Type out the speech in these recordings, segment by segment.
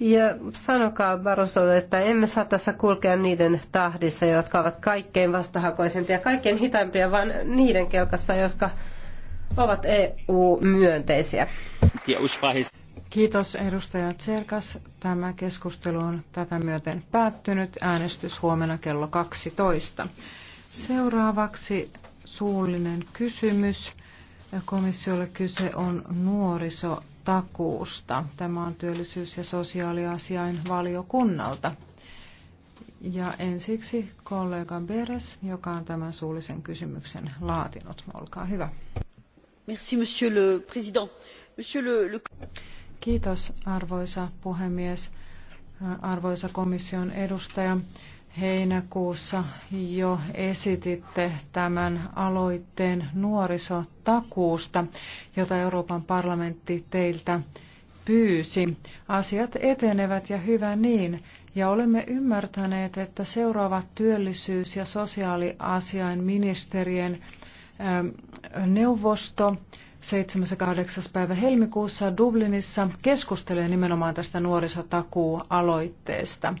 Ja sanokaa Barrosolle, että emme saa tässä kulkea niiden tahdissa, jotka ovat kaikkein vastahakoisempia, kaikkein hitaimpia, vaan niiden kelkassa, jotka ovat EU-myönteisiä. Kiitos edustaja Tserkas. Tämä keskustelu on tätä myöten päättynyt. Äänestys huomenna kello 12. Seuraavaksi suullinen kysymys. Komissiolle kyse on nuoriso takuusta Tämä on työllisyys- ja sosiaaliasiain valiokunnalta. Ja ensiksi kollega Beres, joka on tämän suullisen kysymyksen laatinut. Olkaa hyvä. Merci, monsieur le président. Monsieur le, le... Kiitos, arvoisa puhemies, arvoisa komission edustaja heinäkuussa jo esititte tämän aloitteen nuorisotakuusta, jota Euroopan parlamentti teiltä pyysi. Asiat etenevät ja hyvä niin. Ja olemme ymmärtäneet, että seuraavat työllisyys- ja sosiaaliasiainministerien ministerien ähm, neuvosto 7. päivä helmikuussa Dublinissa keskustelee nimenomaan tästä nuorisotakuualoitteesta.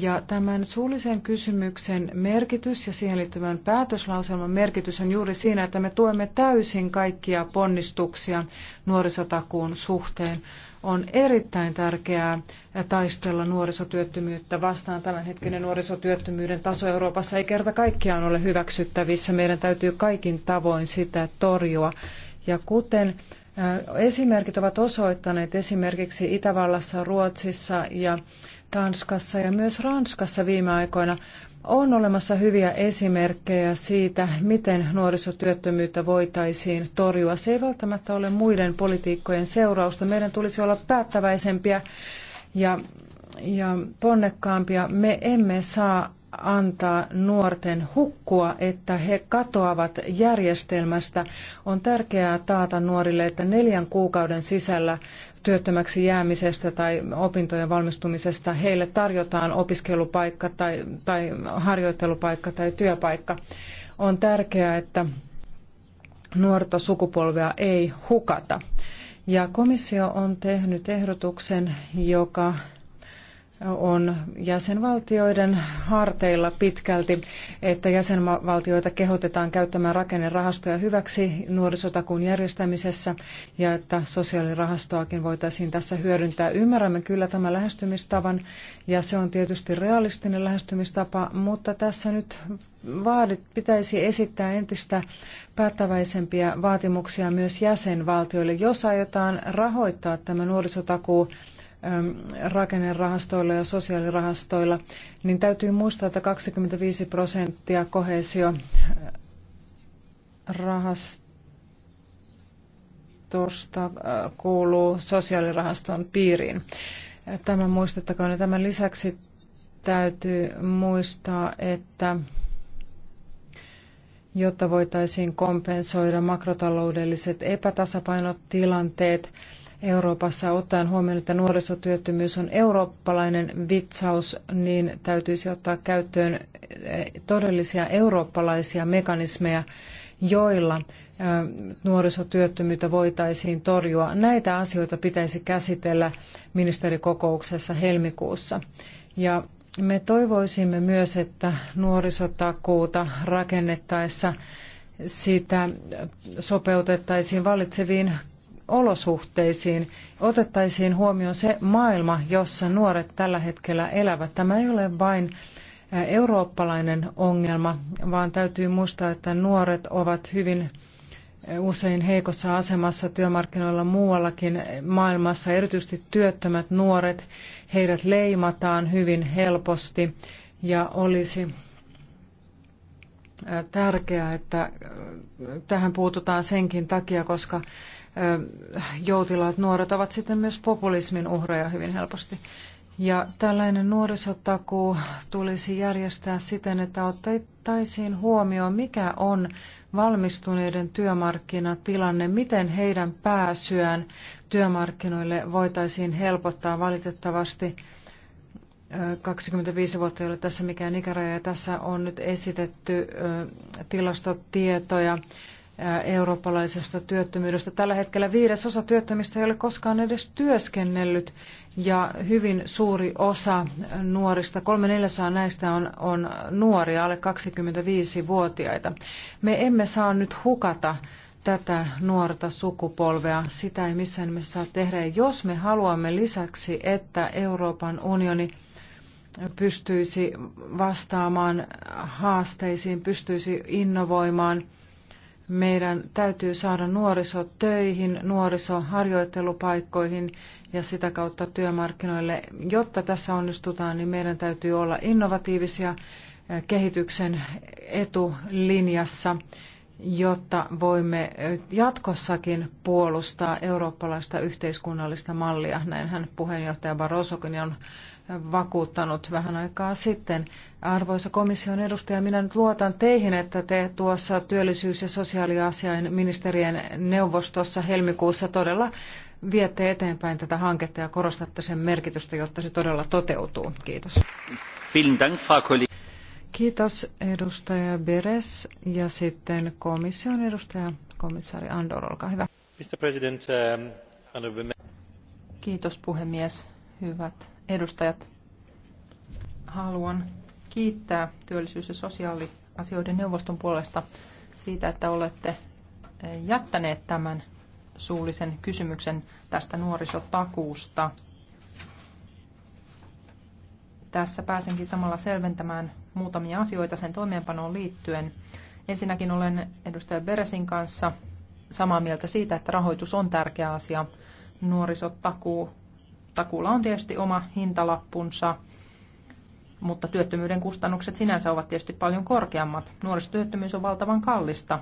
Ja tämän suullisen kysymyksen merkitys ja siihen liittyvän päätöslauselman merkitys on juuri siinä, että me tuemme täysin kaikkia ponnistuksia nuorisotakuun suhteen. On erittäin tärkeää äh, taistella nuorisotyöttömyyttä vastaan. Tämänhetkinen nuorisotyöttömyyden taso Euroopassa ei kerta kaikkiaan ole hyväksyttävissä. Meidän täytyy kaikin tavoin sitä torjua. Ja kuten äh, esimerkit ovat osoittaneet esimerkiksi Itävallassa, Ruotsissa ja Tanskassa ja myös Ranskassa viime aikoina on olemassa hyviä esimerkkejä siitä, miten nuorisotyöttömyyttä voitaisiin torjua. Se ei välttämättä ole muiden politiikkojen seurausta. Meidän tulisi olla päättäväisempiä ja, ja ponnekkaampia. Me emme saa antaa nuorten hukkua, että he katoavat järjestelmästä. On tärkeää taata nuorille, että neljän kuukauden sisällä työttömäksi jäämisestä tai opintojen valmistumisesta heille tarjotaan opiskelupaikka tai, tai harjoittelupaikka tai työpaikka. On tärkeää, että nuorta sukupolvea ei hukata. Ja komissio on tehnyt ehdotuksen, joka on jäsenvaltioiden harteilla pitkälti, että jäsenvaltioita kehotetaan käyttämään rakennerahastoja hyväksi nuorisotakuun järjestämisessä ja että sosiaalirahastoakin voitaisiin tässä hyödyntää. Ymmärrämme kyllä tämän lähestymistavan ja se on tietysti realistinen lähestymistapa, mutta tässä nyt vaadit, pitäisi esittää entistä päättäväisempiä vaatimuksia myös jäsenvaltioille, jos aiotaan rahoittaa tämä nuorisotakuu rakennerahastoilla ja sosiaalirahastoilla, niin täytyy muistaa, että 25 prosenttia kohesio rahastosta äh, kuuluu sosiaalirahaston piiriin. Tämä muistettakoon. Ja tämän lisäksi täytyy muistaa, että jotta voitaisiin kompensoida makrotaloudelliset epätasapainotilanteet, tilanteet, Euroopassa ottaen huomioon, että nuorisotyöttömyys on eurooppalainen vitsaus, niin täytyisi ottaa käyttöön eh, todellisia eurooppalaisia mekanismeja, joilla eh, nuorisotyöttömyyttä voitaisiin torjua. Näitä asioita pitäisi käsitellä ministerikokouksessa helmikuussa. Ja me toivoisimme myös, että nuorisotakuuta rakennettaessa sitä sopeutettaisiin valitseviin olosuhteisiin otettaisiin huomioon se maailma, jossa nuoret tällä hetkellä elävät. Tämä ei ole vain eurooppalainen ongelma, vaan täytyy muistaa, että nuoret ovat hyvin usein heikossa asemassa työmarkkinoilla muuallakin maailmassa, erityisesti työttömät nuoret, heidät leimataan hyvin helposti ja olisi tärkeää, että tähän puututaan senkin takia, koska joutilaat nuoret ovat sitten myös populismin uhreja hyvin helposti. Ja tällainen nuorisotakuu tulisi järjestää siten, että otettaisiin huomioon, mikä on valmistuneiden työmarkkinatilanne, miten heidän pääsyään työmarkkinoille voitaisiin helpottaa valitettavasti. 25 vuotta ei ole tässä mikään ikäraja ja tässä on nyt esitetty tilastotietoja eurooppalaisesta työttömyydestä. Tällä hetkellä viidesosa työttömistä ei ole koskaan edes työskennellyt ja hyvin suuri osa nuorista, kolme neljäsosaa näistä on, on nuoria, alle 25-vuotiaita. Me emme saa nyt hukata tätä nuorta sukupolvea. Sitä ei missään nimessä saa tehdä. Ja jos me haluamme lisäksi, että Euroopan unioni pystyisi vastaamaan haasteisiin, pystyisi innovoimaan – meidän täytyy saada nuoriso töihin, nuorisoharjoittelupaikkoihin ja sitä kautta työmarkkinoille. Jotta tässä onnistutaan, niin meidän täytyy olla innovatiivisia eh, kehityksen etulinjassa, jotta voimme eh, jatkossakin puolustaa eurooppalaista yhteiskunnallista mallia. Näinhän puheenjohtaja Barrosokin on vakuuttanut vähän aikaa sitten. Arvoisa komission edustaja, minä nyt luotan teihin, että te tuossa työllisyys- ja sosiaaliasiain ministerien neuvostossa helmikuussa todella viette eteenpäin tätä hanketta ja korostatte sen merkitystä, jotta se todella toteutuu. Kiitos. Kiitos edustaja Beres ja sitten komission edustaja komissaari Andor, olkaa hyvä. Mr. President, um, Kiitos puhemies hyvät edustajat. Haluan kiittää työllisyys- ja sosiaaliasioiden neuvoston puolesta siitä, että olette eh, jättäneet tämän suullisen kysymyksen tästä nuorisotakuusta. Tässä pääsenkin samalla selventämään muutamia asioita sen toimeenpanoon liittyen. Ensinnäkin olen edustaja Beresin kanssa samaa mieltä siitä, että rahoitus on tärkeä asia. Nuorisotakuu takuulla on tietysti oma hintalappunsa, mutta työttömyyden kustannukset sinänsä ovat tietysti paljon korkeammat. Nuorisotyöttömyys on valtavan kallista.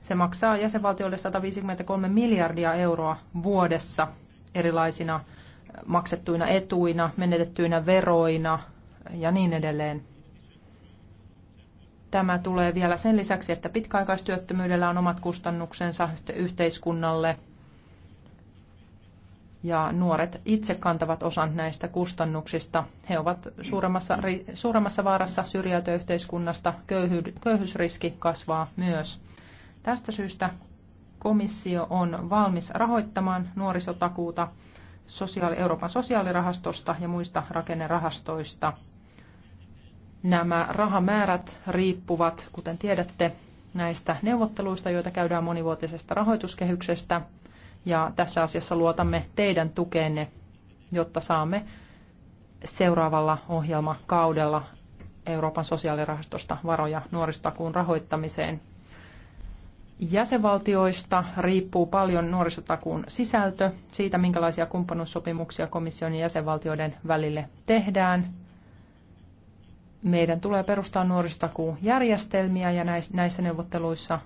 Se maksaa jäsenvaltioille 153 miljardia euroa vuodessa erilaisina maksettuina etuina, menetettyinä veroina ja niin edelleen. Tämä tulee vielä sen lisäksi, että pitkäaikaistyöttömyydellä on omat kustannuksensa yhteiskunnalle – ja nuoret itse kantavat osan näistä kustannuksista. He ovat suuremmassa, suuremmassa vaarassa syrjäytyä yhteiskunnasta, köyhyysriski kasvaa myös. Tästä syystä komissio on valmis rahoittamaan nuorisotakuuta sosiaali- Euroopan sosiaalirahastosta ja muista rakennerahastoista. Nämä rahamäärät riippuvat, kuten tiedätte, näistä neuvotteluista, joita käydään monivuotisesta rahoituskehyksestä – ja tässä asiassa luotamme teidän tukeenne, jotta saamme seuraavalla ohjelmakaudella Euroopan sosiaalirahastosta varoja nuoristakuun rahoittamiseen. Jäsenvaltioista riippuu paljon nuorisotakuun sisältö, siitä minkälaisia kumppanuussopimuksia komission ja jäsenvaltioiden välille tehdään. Meidän tulee perustaa järjestelmiä ja näissä neuvotteluissa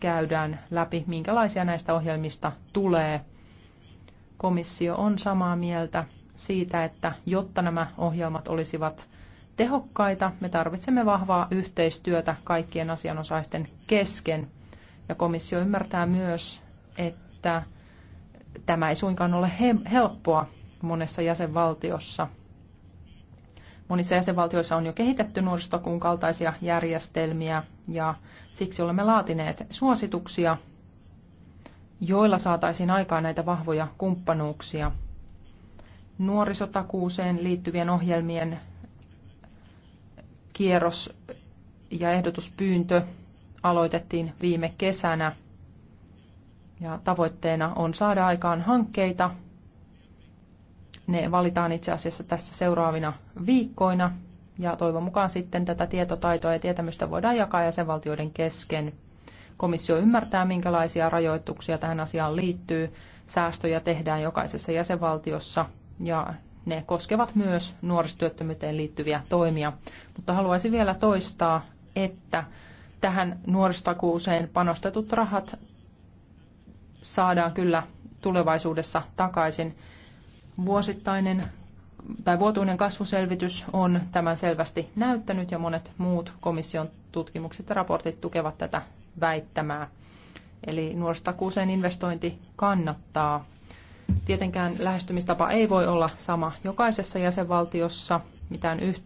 käydään läpi, minkälaisia näistä ohjelmista tulee. Komissio on samaa mieltä siitä, että jotta nämä ohjelmat olisivat tehokkaita, me tarvitsemme vahvaa yhteistyötä kaikkien asianosaisten kesken. Ja komissio ymmärtää myös, että tämä ei suinkaan ole helppoa monessa jäsenvaltiossa – Monissa jäsenvaltioissa on jo kehitetty nuorisotakuun kaltaisia järjestelmiä ja siksi olemme laatineet suosituksia, joilla saataisiin aikaan näitä vahvoja kumppanuuksia. Nuorisotakuuseen liittyvien ohjelmien kierros ja ehdotuspyyntö aloitettiin viime kesänä ja tavoitteena on saada aikaan hankkeita, ne valitaan itse asiassa tässä seuraavina viikkoina ja toivon mukaan sitten tätä tietotaitoa ja tietämystä voidaan jakaa jäsenvaltioiden kesken. Komissio ymmärtää, minkälaisia rajoituksia tähän asiaan liittyy. Säästöjä tehdään jokaisessa jäsenvaltiossa ja ne koskevat myös nuorisotyöttömyyteen liittyviä toimia. Mutta haluaisin vielä toistaa, että tähän nuorisotakuuseen panostetut rahat saadaan kyllä tulevaisuudessa takaisin. Vuosittainen tai vuotuinen kasvuselvitys on tämän selvästi näyttänyt ja monet muut komission tutkimukset ja raportit tukevat tätä väittämää. Eli nuorisotakuuseen investointi kannattaa. Tietenkään lähestymistapa ei voi olla sama jokaisessa jäsenvaltiossa – mitään yh-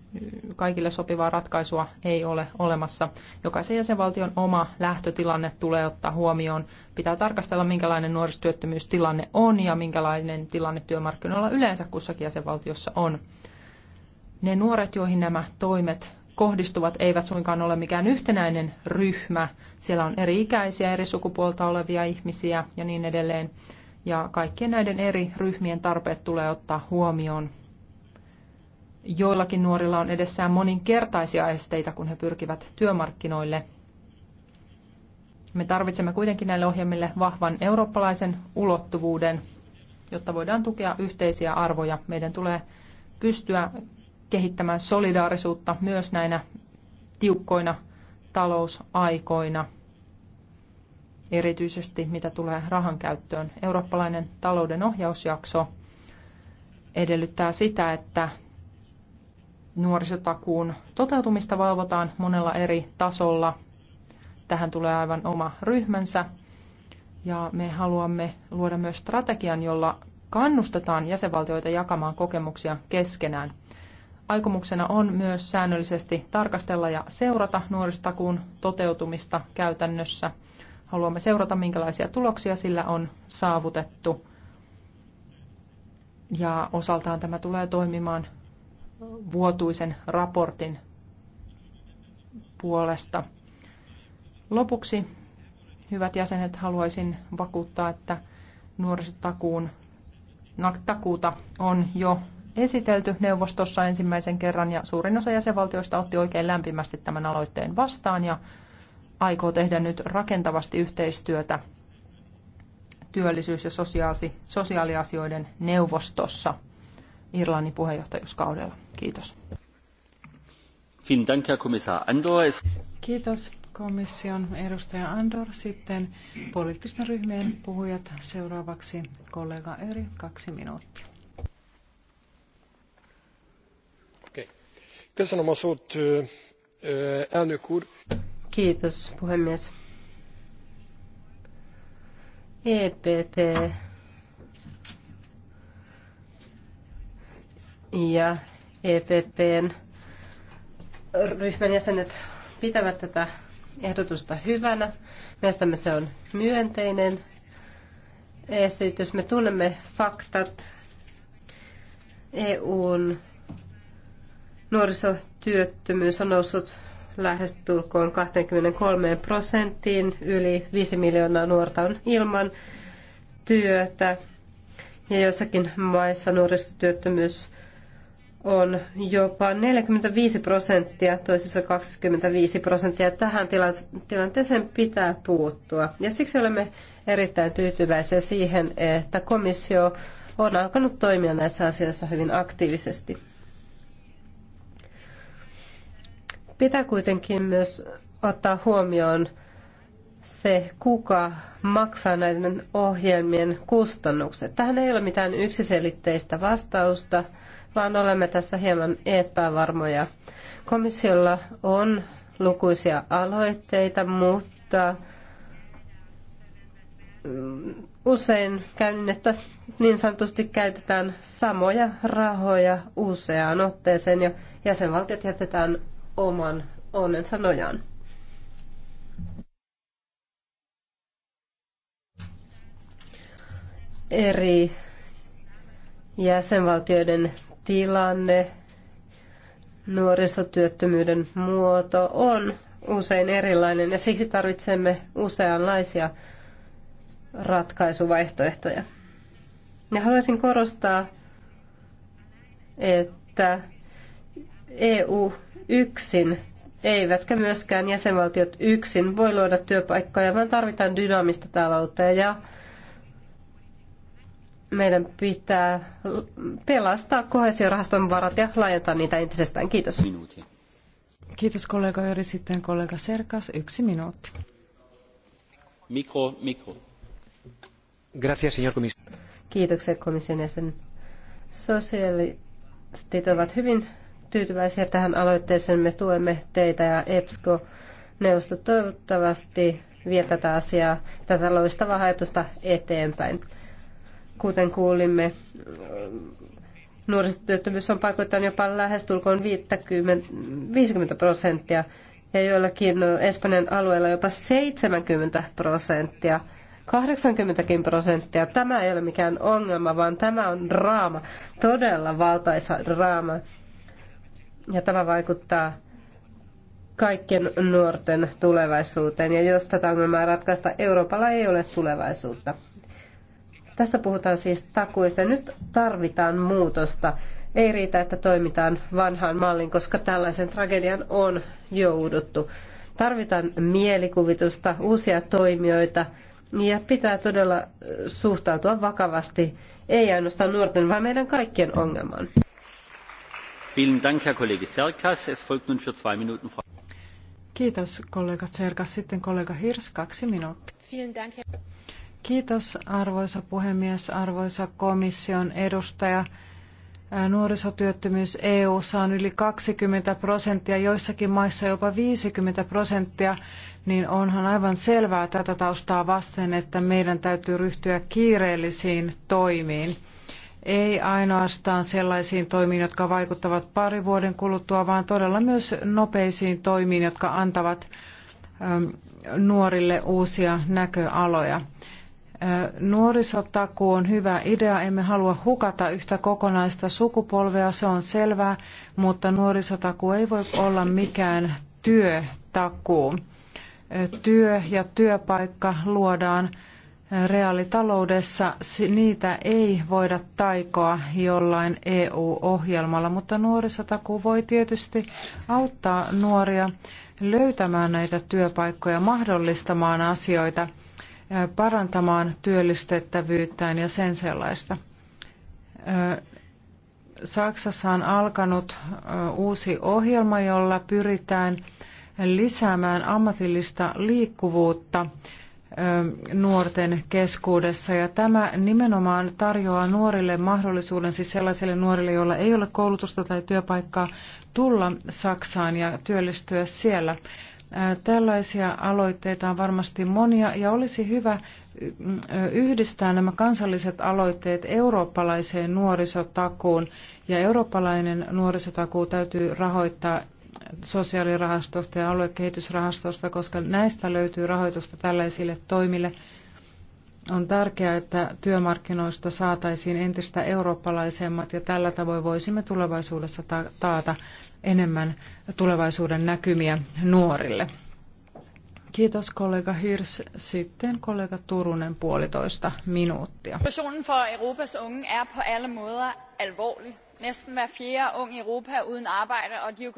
kaikille sopivaa ratkaisua ei ole olemassa. Jokaisen jäsenvaltion oma lähtötilanne tulee ottaa huomioon. Pitää tarkastella, minkälainen nuorisotyöttömyystilanne on ja minkälainen tilanne työmarkkinoilla yleensä kussakin jäsenvaltiossa on. Ne nuoret, joihin nämä toimet kohdistuvat, eivät suinkaan ole mikään yhtenäinen ryhmä. Siellä on eri ikäisiä, eri sukupuolta olevia ihmisiä ja niin edelleen. Ja kaikkien näiden eri ryhmien tarpeet tulee ottaa huomioon Joillakin nuorilla on edessään moninkertaisia esteitä, kun he pyrkivät työmarkkinoille. Me tarvitsemme kuitenkin näille ohjelmille vahvan eurooppalaisen ulottuvuuden, jotta voidaan tukea yhteisiä arvoja. Meidän tulee pystyä kehittämään solidaarisuutta myös näinä tiukkoina talousaikoina, erityisesti mitä tulee rahan käyttöön. Eurooppalainen talouden ohjausjakso edellyttää sitä, että nuorisotakuun toteutumista valvotaan monella eri tasolla. Tähän tulee aivan oma ryhmänsä. Ja me haluamme luoda myös strategian, jolla kannustetaan jäsenvaltioita jakamaan kokemuksia keskenään. Aikomuksena on myös säännöllisesti tarkastella ja seurata nuorisotakuun toteutumista käytännössä. Haluamme seurata, minkälaisia tuloksia sillä on saavutettu. Ja osaltaan tämä tulee toimimaan vuotuisen raportin puolesta. Lopuksi, hyvät jäsenet, haluaisin vakuuttaa, että nuorisotakuun takuuta on jo esitelty neuvostossa ensimmäisen kerran ja suurin osa jäsenvaltioista otti oikein lämpimästi tämän aloitteen vastaan ja aikoo tehdä nyt rakentavasti yhteistyötä työllisyys- ja sosiaaliasioiden neuvostossa. Irlannin puheenjohtajuuskaudella. Kiitos. Kiitos komission edustaja Andor. Sitten poliittisten ryhmien puhujat seuraavaksi kollega Eri kaksi minuuttia. Eh, Kiitos, puhemies. EPP ja EPPn ryhmän jäsenet pitävät tätä ehdotusta hyvänä. Mielestämme se on myönteinen esitys. Me tunnemme faktat EUn nuorisotyöttömyys on noussut lähestulkoon 23 prosenttiin. Yli 5 miljoonaa nuorta on ilman työtä. Ja joissakin maissa nuorisotyöttömyys on jopa 45 prosenttia, toisissa 25 prosenttia. Tähän tilanteeseen pitää puuttua. Ja siksi olemme erittäin tyytyväisiä siihen, että komissio on alkanut toimia näissä asioissa hyvin aktiivisesti. Pitää kuitenkin myös ottaa huomioon se, kuka maksaa näiden ohjelmien kustannukset. Tähän ei ole mitään yksiselitteistä vastausta vaan olemme tässä hieman epävarmoja. Komissiolla on lukuisia aloitteita, mutta mm, usein käynnettä niin sanotusti käytetään samoja rahoja useaan otteeseen ja jäsenvaltiot jätetään oman onnen sanojaan. Eri jäsenvaltioiden tilanne, nuorisotyöttömyyden muoto on usein erilainen ja siksi tarvitsemme useanlaisia ratkaisuvaihtoehtoja. Ja haluaisin korostaa, että EU yksin, eivätkä myöskään jäsenvaltiot yksin voi luoda työpaikkoja, vaan tarvitaan dynaamista taloutta ja meidän pitää pelastaa kohesiorahaston varat ja laajentaa niitä entisestään. Kiitos. Minuutin. Kiitos kollega Jori. Sitten kollega Serkas, yksi minuutti. Mikro, mikro. Gracias, señor comisario. Kiitoksia komission jäsen. Sosialistit ovat hyvin tyytyväisiä tähän aloitteeseen. Me tuemme teitä ja EPSCO neuvosto toivottavasti vie tätä asiaa, tätä loistavaa ajatusta eteenpäin. Kuten kuulimme, nuorisotyöttömyys on paikoittain jopa lähestulkoon 50, 50 prosenttia ja joillakin Espanjan alueella jopa 70 prosenttia. 80 prosenttia. Tämä ei ole mikään ongelma, vaan tämä on draama, todella valtaisa draama. Ja tämä vaikuttaa kaikkien nuorten tulevaisuuteen. Ja jos tätä ongelmaa ratkaista, Euroopalla ei ole tulevaisuutta. Tässä puhutaan siis takuista. Nyt tarvitaan muutosta. Ei riitä, että toimitaan vanhaan mallin, koska tällaisen tragedian on jouduttu. Tarvitaan mielikuvitusta, uusia toimijoita ja pitää todella suhtautua vakavasti, ei ainoastaan nuorten, vaan meidän kaikkien ongelmaan. Kiitos kollega Serkas. Sitten kollega Hirs, kaksi minuuttia. Kiitos arvoisa puhemies, arvoisa komission edustaja. Nuorisotyöttömyys EU:ssa on yli 20 prosenttia, joissakin maissa jopa 50 prosenttia, niin onhan aivan selvää tätä taustaa vasten, että meidän täytyy ryhtyä kiireellisiin toimiin. Ei ainoastaan sellaisiin toimiin, jotka vaikuttavat pari vuoden kuluttua, vaan todella myös nopeisiin toimiin, jotka antavat nuorille uusia näköaloja. Nuorisotakuu on hyvä idea, emme halua hukata yhtä kokonaista sukupolvea, se on selvää, mutta nuorisotakuu ei voi olla mikään työtakuu. Työ ja työpaikka luodaan reaalitaloudessa, niitä ei voida taikoa jollain EU-ohjelmalla, mutta nuorisotakuu voi tietysti auttaa nuoria löytämään näitä työpaikkoja, mahdollistamaan asioita – parantamaan työllistettävyyttään ja sen sellaista. Saksassa on alkanut uusi ohjelma, jolla pyritään lisäämään ammatillista liikkuvuutta nuorten keskuudessa. Ja tämä nimenomaan tarjoaa nuorille mahdollisuuden, siis sellaisille nuorille, joilla ei ole koulutusta tai työpaikkaa, tulla Saksaan ja työllistyä siellä. Tällaisia aloitteita on varmasti monia ja olisi hyvä yhdistää nämä kansalliset aloitteet eurooppalaiseen nuorisotakuun. Ja eurooppalainen nuorisotakuu täytyy rahoittaa sosiaalirahastosta ja aluekehitysrahastosta, koska näistä löytyy rahoitusta tällaisille toimille. On tärkeää, että työmarkkinoista saataisiin entistä eurooppalaisemmat ja tällä tavoin voisimme tulevaisuudessa taata enemmän tulevaisuuden näkymiä nuorille. Kiitos kollega Hirs. Sitten kollega Turunen puolitoista minuuttia. Situationen for Europas unge er på alle måder alvorlig. Næsten hver fjerde ung i Europa er uden arbejde, og de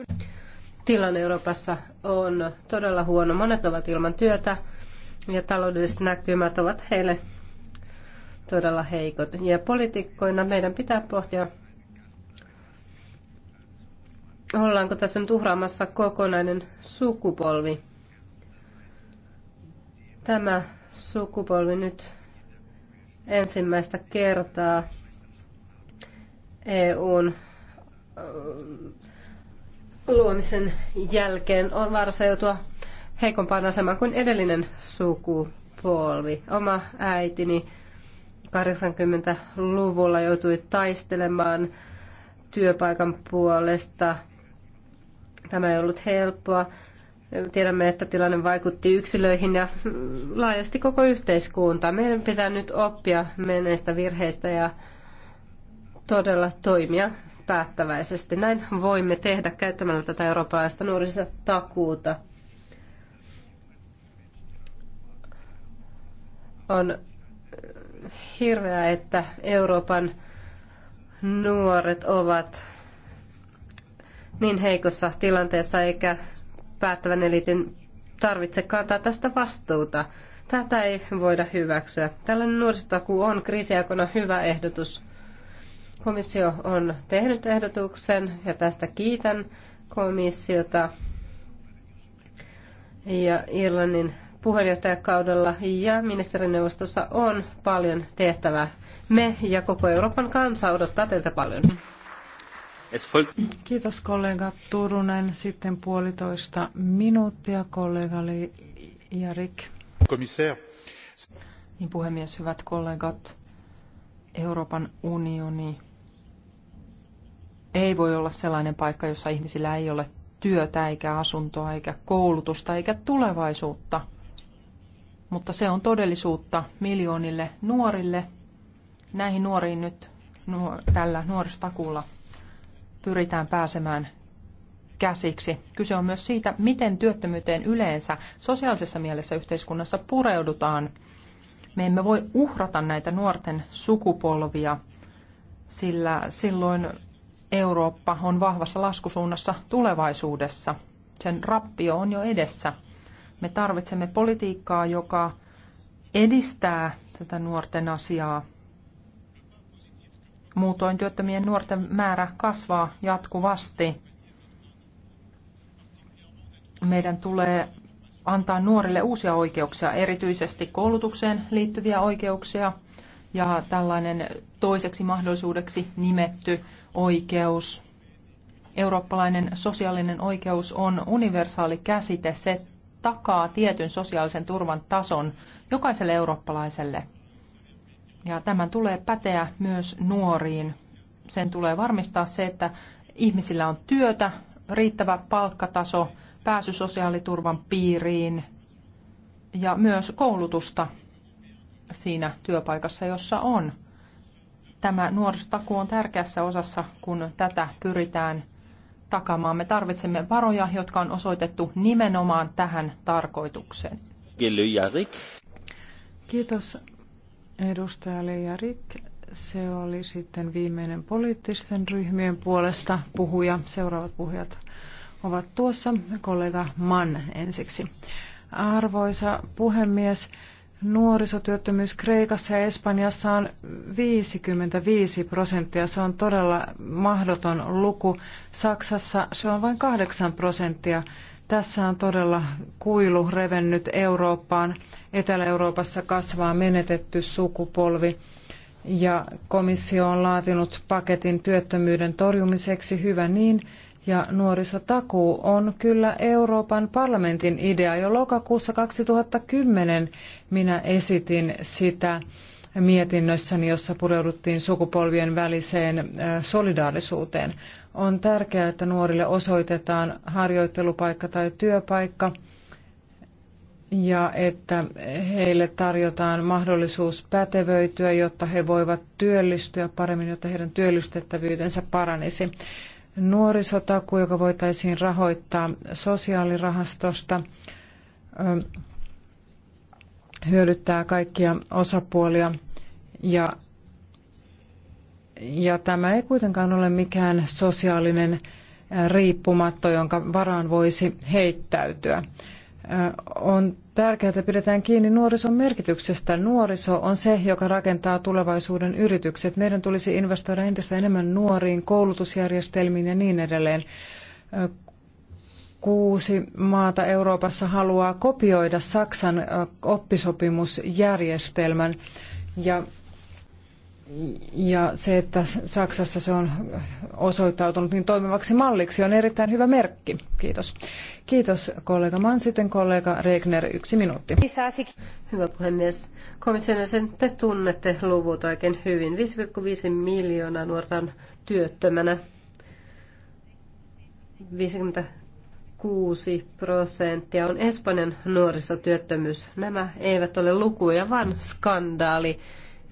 Tilanne Euroopassa on todella huono. Monet ovat ilman työtä ja taloudelliset näkymät ovat heille todella heikot. Ja poliitikkoina meidän pitää pohtia ollaanko tässä nyt uhraamassa kokonainen sukupolvi. Tämä sukupolvi nyt ensimmäistä kertaa EUn luomisen jälkeen on varsa joutua heikompaan asemaan kuin edellinen sukupolvi. Oma äitini 80-luvulla joutui taistelemaan työpaikan puolesta – Tämä ei ollut helppoa. Tiedämme, että tilanne vaikutti yksilöihin ja laajasti koko yhteiskuntaan. Meidän pitää nyt oppia menneistä virheistä ja todella toimia päättäväisesti. Näin voimme tehdä käyttämällä tätä eurooppalaista nuorisotakuuta. On hirveää, että Euroopan nuoret ovat niin heikossa tilanteessa eikä päättävän elitin tarvitse kantaa tästä vastuuta. Tätä ei voida hyväksyä. Tällainen nuorisotakuu on kriisiaikona hyvä ehdotus. Komissio on tehnyt ehdotuksen ja tästä kiitän komissiota. Ja Irlannin puheenjohtajakaudella ja ministerineuvostossa on paljon tehtävää. Me ja koko Euroopan kansa odottaa teiltä paljon. Kiitos kollega Turunen. Sitten puolitoista minuuttia kollega Jarik. Komissaire. Niin puhemies, hyvät kollegat. Euroopan unioni ei voi olla sellainen paikka, jossa ihmisillä ei ole työtä, eikä asuntoa, eikä koulutusta, eikä tulevaisuutta. Mutta se on todellisuutta miljoonille nuorille. Näihin nuoriin nyt nuor, tällä nuorisotakuulla pyritään pääsemään käsiksi. Kyse on myös siitä, miten työttömyyteen yleensä sosiaalisessa mielessä yhteiskunnassa pureudutaan. Me emme voi uhrata näitä nuorten sukupolvia, sillä silloin Eurooppa on vahvassa laskusuunnassa tulevaisuudessa. Sen rappio on jo edessä. Me tarvitsemme politiikkaa, joka edistää tätä nuorten asiaa Muutoin työttömien nuorten määrä kasvaa jatkuvasti. Meidän tulee antaa nuorille uusia oikeuksia, erityisesti koulutukseen liittyviä oikeuksia ja tällainen toiseksi mahdollisuudeksi nimetty oikeus. Eurooppalainen sosiaalinen oikeus on universaali käsite. Se takaa tietyn sosiaalisen turvan tason jokaiselle eurooppalaiselle. Ja tämän tulee päteä myös nuoriin. Sen tulee varmistaa se, että ihmisillä on työtä, riittävä palkkataso, pääsy sosiaaliturvan piiriin ja myös koulutusta siinä työpaikassa, jossa on. Tämä nuorisotaku on tärkeässä osassa, kun tätä pyritään takamaan. Me tarvitsemme varoja, jotka on osoitettu nimenomaan tähän tarkoitukseen. Kiitos edustaja Leija Rik. Se oli sitten viimeinen poliittisten ryhmien puolesta puhuja. Seuraavat puhujat ovat tuossa. Kollega Mann ensiksi. Arvoisa puhemies, nuorisotyöttömyys Kreikassa ja Espanjassa on 55 prosenttia. Se on todella mahdoton luku. Saksassa se on vain 8 prosenttia. Tässä on todella kuilu revennyt Eurooppaan. Etelä-Euroopassa kasvaa menetetty sukupolvi ja komissio on laatinut paketin työttömyyden torjumiseksi. Hyvä niin. Ja nuorisotakuu on kyllä Euroopan parlamentin idea. Jo lokakuussa 2010 minä esitin sitä mietinnössäni, jossa pureuduttiin sukupolvien väliseen solidaarisuuteen. On tärkeää, että nuorille osoitetaan harjoittelupaikka tai työpaikka ja että heille tarjotaan mahdollisuus pätevöityä, jotta he voivat työllistyä paremmin, jotta heidän työllistettävyytensä paranisi. Nuorisotaku, joka voitaisiin rahoittaa sosiaalirahastosta, hyödyttää kaikkia osapuolia ja ja tämä ei kuitenkaan ole mikään sosiaalinen riippumatto, jonka varaan voisi heittäytyä. On tärkeää, että pidetään kiinni nuorison merkityksestä. Nuoriso on se, joka rakentaa tulevaisuuden yritykset. Meidän tulisi investoida entistä enemmän nuoriin, koulutusjärjestelmiin ja niin edelleen. Kuusi maata Euroopassa haluaa kopioida Saksan oppisopimusjärjestelmän ja ja se, että Saksassa se on osoittautunut niin toimivaksi malliksi, on erittäin hyvä merkki. Kiitos. Kiitos kollega Mann, sitten kollega Regner, yksi minuutti. Hyvä puhemies. Komission jäsen, te tunnette luvut oikein hyvin. 5,5 miljoonaa nuorta on työttömänä. 56 prosenttia on Espanjan nuorisotyöttömyys. Nämä eivät ole lukuja, vaan skandaali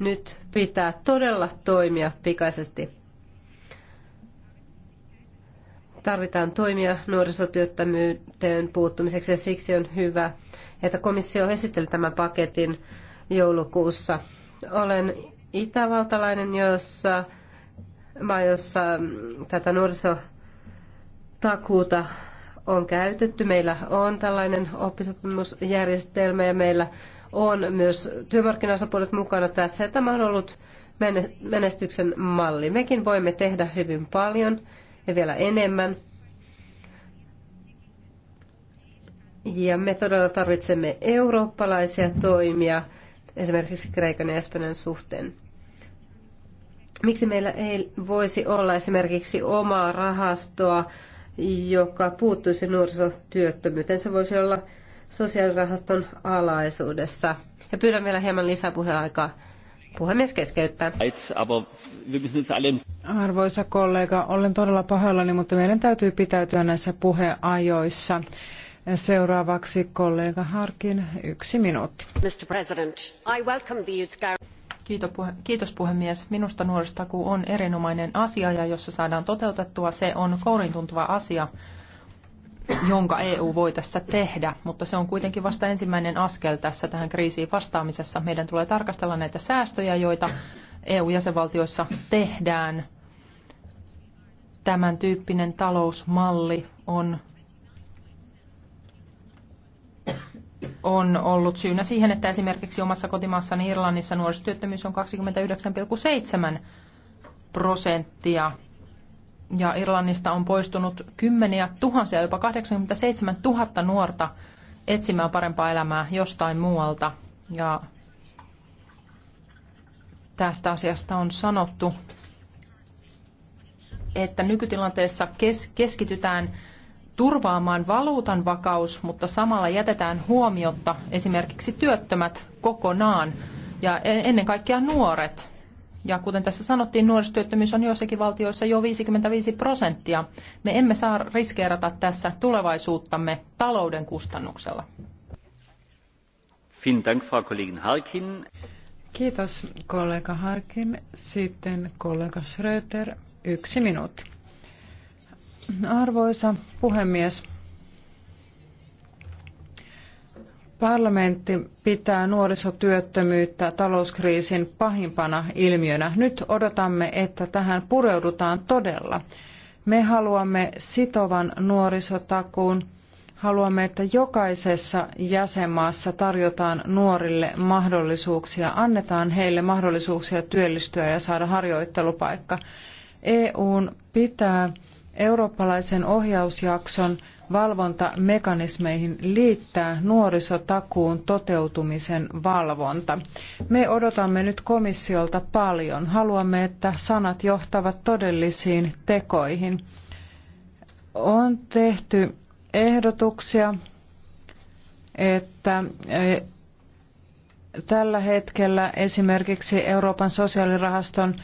nyt pitää todella toimia pikaisesti. Tarvitaan toimia nuorisotyöttömyyteen puuttumiseksi ja siksi on hyvä, että komissio esitteli tämän paketin joulukuussa. Olen itävaltalainen, jossa, maa, jossa tätä nuorisotakuuta on käytetty. Meillä on tällainen oppisopimusjärjestelmä ja meillä on myös työmarkkinaosapuolet mukana tässä. Tämä on ollut menestyksen malli. Mekin voimme tehdä hyvin paljon ja vielä enemmän. Ja me todella tarvitsemme eurooppalaisia toimia esimerkiksi Kreikan ja Espanjan suhteen. Miksi meillä ei voisi olla esimerkiksi omaa rahastoa, joka puuttuisi nuorisotyöttömyyteen? Se voisi olla sosiaalirahaston alaisuudessa. Ja pyydän vielä hieman lisäpuheaikaa. Puhemies keskeyttää. Arvoisa kollega, olen todella pahoillani, mutta meidän täytyy pitäytyä näissä puheajoissa. Seuraavaksi kollega Harkin, yksi minuutti. Mr. President, I welcome the youth Kiitos puhemies. Minusta nuorisotakuu on erinomainen asia ja jos se saadaan toteutettua, se on kourin tuntuva asia jonka EU voi tässä tehdä, mutta se on kuitenkin vasta ensimmäinen askel tässä tähän kriisiin vastaamisessa. Meidän tulee tarkastella näitä säästöjä, joita EU-jäsenvaltioissa tehdään. Tämän tyyppinen talousmalli on on ollut syynä siihen, että esimerkiksi omassa kotimaassani Irlannissa nuorisotyöttömyys on 29,7 prosenttia ja Irlannista on poistunut kymmeniä tuhansia, jopa 87 000 nuorta etsimään parempaa elämää jostain muualta. Ja tästä asiasta on sanottu, että nykytilanteessa kes- keskitytään turvaamaan valuutan vakaus, mutta samalla jätetään huomiotta esimerkiksi työttömät kokonaan ja e-, ennen kaikkea nuoret. Ja kuten tässä sanottiin, nuorisotyöttömyys on joissakin valtioissa jo 55 prosenttia. Me emme saa riskeerata tässä tulevaisuuttamme talouden kustannuksella. Kiitos kollega Harkin. Sitten kollega Schröter, yksi minuutti. Arvoisa puhemies, Parlamentti pitää nuorisotyöttömyyttä talouskriisin pahimpana ilmiönä. Nyt odotamme, että tähän pureudutaan todella. Me haluamme sitovan nuorisotakuun. Haluamme, että jokaisessa jäsenmaassa tarjotaan nuorille mahdollisuuksia, annetaan heille mahdollisuuksia työllistyä ja saada harjoittelupaikka. EUn pitää eurooppalaisen ohjausjakson valvontamekanismeihin liittää nuorisotakuun toteutumisen valvonta. Me odotamme nyt komissiolta paljon. Haluamme, että sanat johtavat todellisiin tekoihin. On tehty ehdotuksia, että eh, tällä hetkellä esimerkiksi Euroopan sosiaalirahaston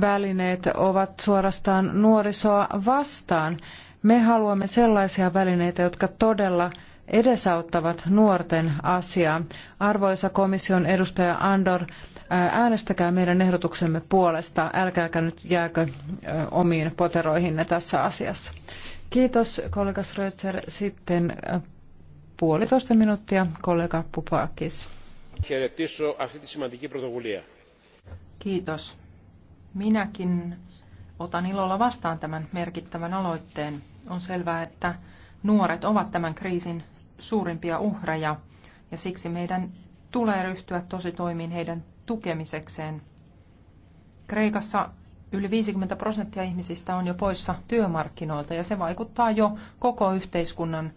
välineet ovat suorastaan nuorisoa vastaan. Me haluamme sellaisia välineitä, jotka todella edesauttavat nuorten asiaa. Arvoisa komission edustaja Andor, äänestäkää meidän ehdotuksemme puolesta. Älkääkä nyt jääkö omiin poteroihinne tässä asiassa. Kiitos kollega Schröter. Sitten puolitoista minuuttia kollega Pupakis. Kiitos. Minäkin Otan ilolla vastaan tämän merkittävän aloitteen. On selvää, että nuoret ovat tämän kriisin suurimpia uhreja ja siksi meidän tulee ryhtyä tositoimiin heidän tukemisekseen. Kreikassa yli 50 prosenttia ihmisistä on jo poissa työmarkkinoilta ja se vaikuttaa jo koko yhteiskunnan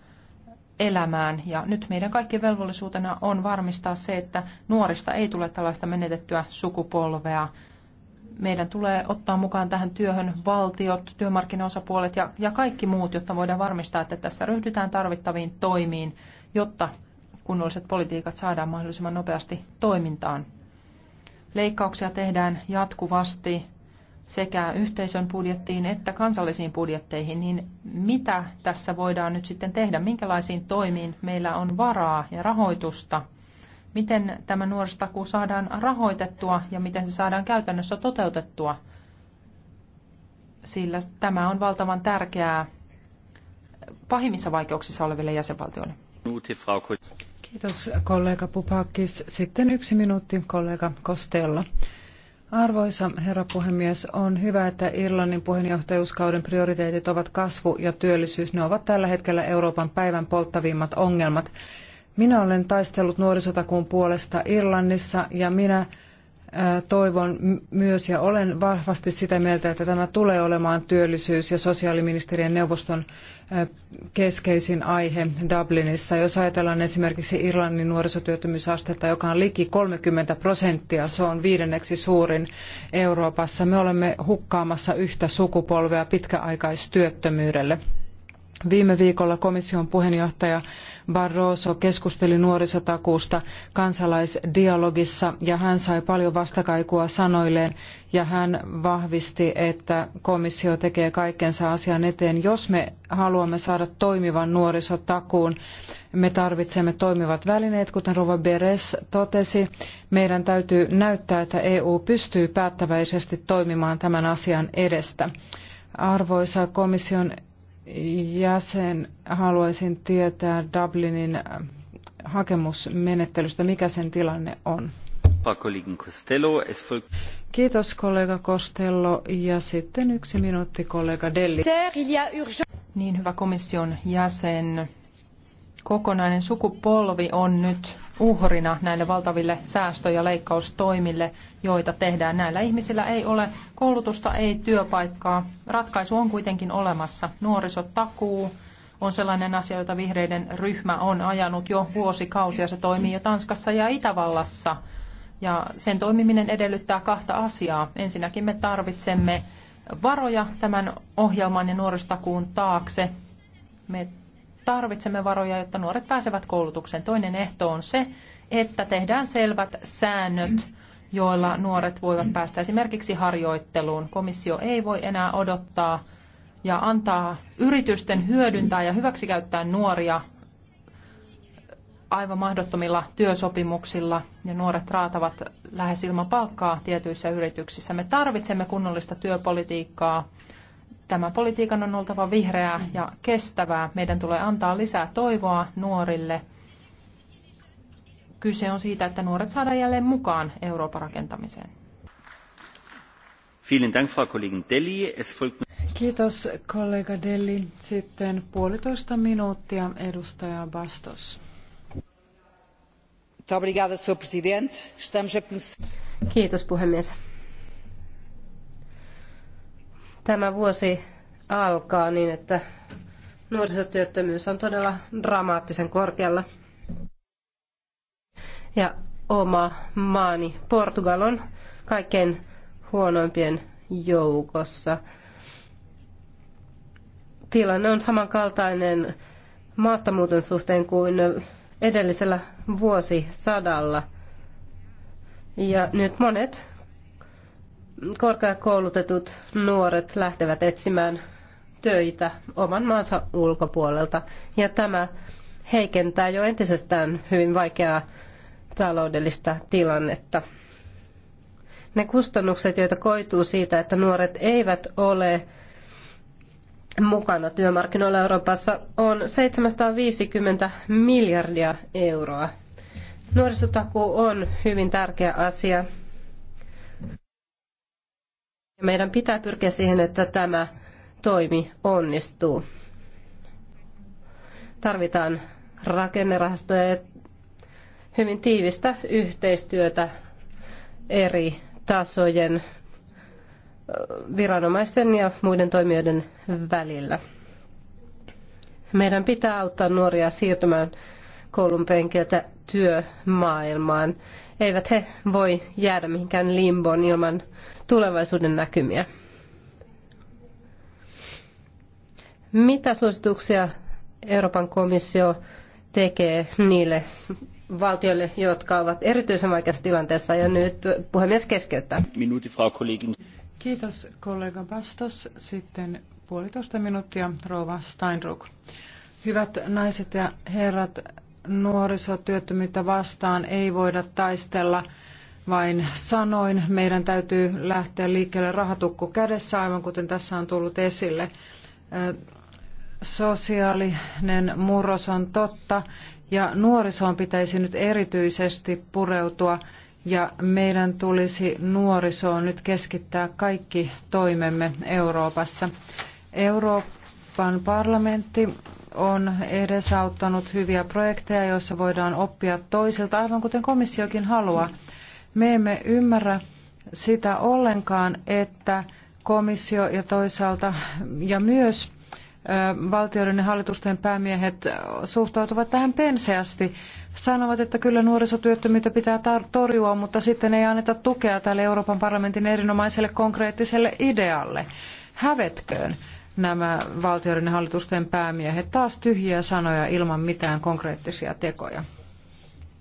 elämään. Ja nyt meidän kaikki velvollisuutena on varmistaa se, että nuorista ei tule tällaista menetettyä sukupolvea, meidän tulee ottaa mukaan tähän työhön valtiot, työmarkkinaosapuolet ja, ja kaikki muut, jotta voidaan varmistaa, että tässä ryhdytään tarvittaviin toimiin, jotta kunnolliset politiikat saadaan mahdollisimman nopeasti toimintaan. Leikkauksia tehdään jatkuvasti sekä yhteisön budjettiin että kansallisiin budjetteihin, niin mitä tässä voidaan nyt sitten tehdä, minkälaisiin toimiin meillä on varaa ja rahoitusta – Miten tämä nuorisotakuu saadaan rahoitettua ja miten se saadaan käytännössä toteutettua? Sillä tämä on valtavan tärkeää pahimmissa vaikeuksissa oleville jäsenvaltioille. Kiitos kollega Pupakis. Sitten yksi minuutti kollega Kostello. Arvoisa herra puhemies, on hyvä, että Irlannin puheenjohtajuuskauden prioriteetit ovat kasvu ja työllisyys. Ne ovat tällä hetkellä Euroopan päivän polttavimmat ongelmat. Minä olen taistellut nuorisotakuun puolesta Irlannissa ja minä toivon myös ja olen vahvasti sitä mieltä, että tämä tulee olemaan työllisyys- ja sosiaaliministerien neuvoston keskeisin aihe Dublinissa. Jos ajatellaan esimerkiksi Irlannin nuorisotyöttömyysastetta, joka on liki 30 prosenttia, se on viidenneksi suurin Euroopassa. Me olemme hukkaamassa yhtä sukupolvea pitkäaikaistyöttömyydelle. Viime viikolla komission puheenjohtaja Barroso keskusteli nuorisotakuusta kansalaisdialogissa ja hän sai paljon vastakaikua sanoilleen ja hän vahvisti, että komissio tekee kaikkensa asian eteen. Jos me haluamme saada toimivan nuorisotakuun, me tarvitsemme toimivat välineet, kuten Rova Beres totesi. Meidän täytyy näyttää, että EU pystyy päättäväisesti toimimaan tämän asian edestä. Arvoisa komission jäsen haluaisin tietää Dublinin äh, hakemusmenettelystä, mikä sen tilanne on. Kiitos kollega Costello ja sitten yksi minuutti kollega Delli. Niin hyvä komission jäsen, kokonainen sukupolvi on nyt uhrina näille valtaville säästö- ja leikkaustoimille, joita tehdään. Näillä ihmisillä ei ole koulutusta, ei työpaikkaa. Ratkaisu on kuitenkin olemassa. Nuorisotakuu on sellainen asia, jota vihreiden ryhmä on ajanut jo vuosikausia. Se toimii jo Tanskassa ja Itävallassa. Ja sen toimiminen edellyttää kahta asiaa. Ensinnäkin me tarvitsemme varoja tämän ohjelman ja nuorisotakuun taakse. Me tarvitsemme varoja, jotta nuoret pääsevät koulutukseen. Toinen ehto on se, että tehdään selvät säännöt, joilla nuoret voivat päästä esimerkiksi harjoitteluun. Komissio ei voi enää odottaa ja antaa yritysten hyödyntää ja hyväksikäyttää nuoria aivan mahdottomilla työsopimuksilla ja nuoret raatavat lähes ilman palkkaa tietyissä yrityksissä. Me tarvitsemme kunnollista työpolitiikkaa Tämä politiikan on oltava vihreää ja kestävää. Meidän tulee antaa lisää toivoa nuorille. Kyse on siitä, että nuoret saadaan jälleen mukaan Euroopan rakentamiseen. Kiitos kollega Delli. Sitten puolitoista minuuttia edustaja Bastos. Kiitos puhemies tämä vuosi alkaa niin, että nuorisotyöttömyys on todella dramaattisen korkealla. Ja oma maani Portugal on kaikkein huonoimpien joukossa. Tilanne on samankaltainen maastamuuton suhteen kuin edellisellä vuosisadalla. Ja nyt monet korkeakoulutetut nuoret lähtevät etsimään töitä oman maansa ulkopuolelta. Ja tämä heikentää jo entisestään hyvin vaikeaa taloudellista tilannetta. Ne kustannukset, joita koituu siitä, että nuoret eivät ole mukana työmarkkinoilla Euroopassa, on 750 miljardia euroa. Nuorisotakuu on hyvin tärkeä asia ja meidän pitää pyrkiä siihen, että tämä toimi onnistuu. Tarvitaan rakennerahastoja ja hyvin tiivistä yhteistyötä eri tasojen viranomaisten ja muiden toimijoiden välillä. Meidän pitää auttaa nuoria siirtymään koulun penkiltä työmaailmaan. Eivät he voi jäädä mihinkään limboon ilman tulevaisuuden näkymiä. Mitä suosituksia Euroopan komissio tekee niille valtioille, jotka ovat erityisen vaikeassa tilanteessa. Ja nyt puhemies keskeyttää. Minuutti, Frau Kollegin. Kiitos kollega Bastos. Sitten puolitoista minuuttia Rova Steinruck. Hyvät naiset ja herrat, nuorisotyöttömyyttä vastaan ei voida taistella – vain sanoin. Meidän täytyy lähteä liikkeelle rahatukku kädessä, aivan kuten tässä on tullut esille. Sosiaalinen murros on totta ja nuorisoon pitäisi nyt erityisesti pureutua ja meidän tulisi nuorisoon nyt keskittää kaikki toimemme Euroopassa. Euroopan parlamentti on edesauttanut hyviä projekteja, joissa voidaan oppia toisilta, aivan kuten komissiokin haluaa. Mm. Me emme ymmärrä sitä ollenkaan, että komissio ja toisaalta ja myös valtioiden ja hallitusten päämiehet suhtautuvat tähän penseästi. Sanovat, että kyllä nuorisotyöttömyyttä pitää torjua, mutta sitten ei anneta tukea tälle Euroopan parlamentin erinomaiselle konkreettiselle idealle. Hävetköön nämä valtioiden ja hallitusten päämiehet taas tyhjiä sanoja ilman mitään konkreettisia tekoja.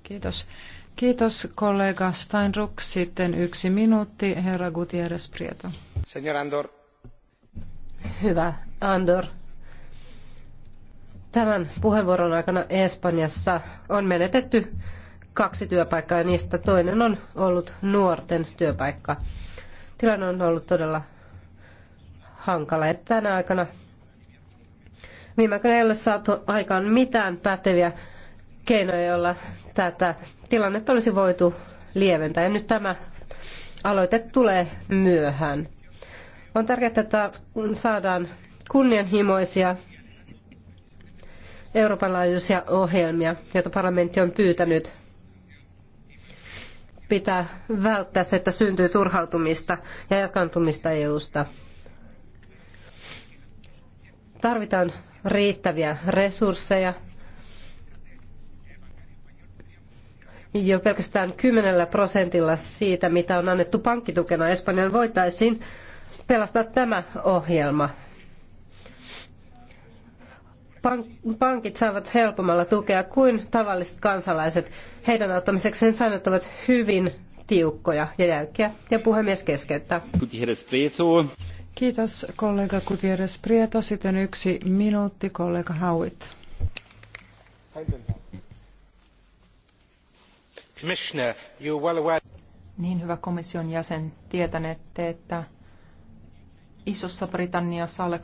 Kiitos. Kiitos kollega Steinruck. Sitten yksi minuutti, herra Gutierrez Prieto. Señor Andor. Hyvä, Andor. Tämän puheenvuoron aikana Espanjassa on menetetty kaksi työpaikkaa ja niistä toinen on ollut nuorten työpaikka. Tilanne on ollut todella hankala ja tänä aikana viime aikoina ei ole saatu aikaan mitään päteviä keinoja, joilla tätä tilannetta olisi voitu lieventää. Ja nyt tämä aloite tulee myöhään. On tärkeää, että saadaan kunnianhimoisia Euroopan laajuisia ohjelmia, joita parlamentti on pyytänyt. Pitää välttää se, että syntyy turhautumista ja jakaantumista EUsta. Tarvitaan riittäviä resursseja – jo pelkästään 10 prosentilla siitä, mitä on annettu pankkitukena Espanjan, voitaisiin pelastaa tämä ohjelma. Pankit saavat helpommalla tukea kuin tavalliset kansalaiset. Heidän auttamisekseen säännöt ovat hyvin tiukkoja ja jäykkiä. Ja puhemies keskeyttää. Kiitos kollega Gutierrez Prieto. Sitten yksi minuutti kollega Howitt. Niin hyvä komission jäsen, tietänette, että Isossa Britanniassa alle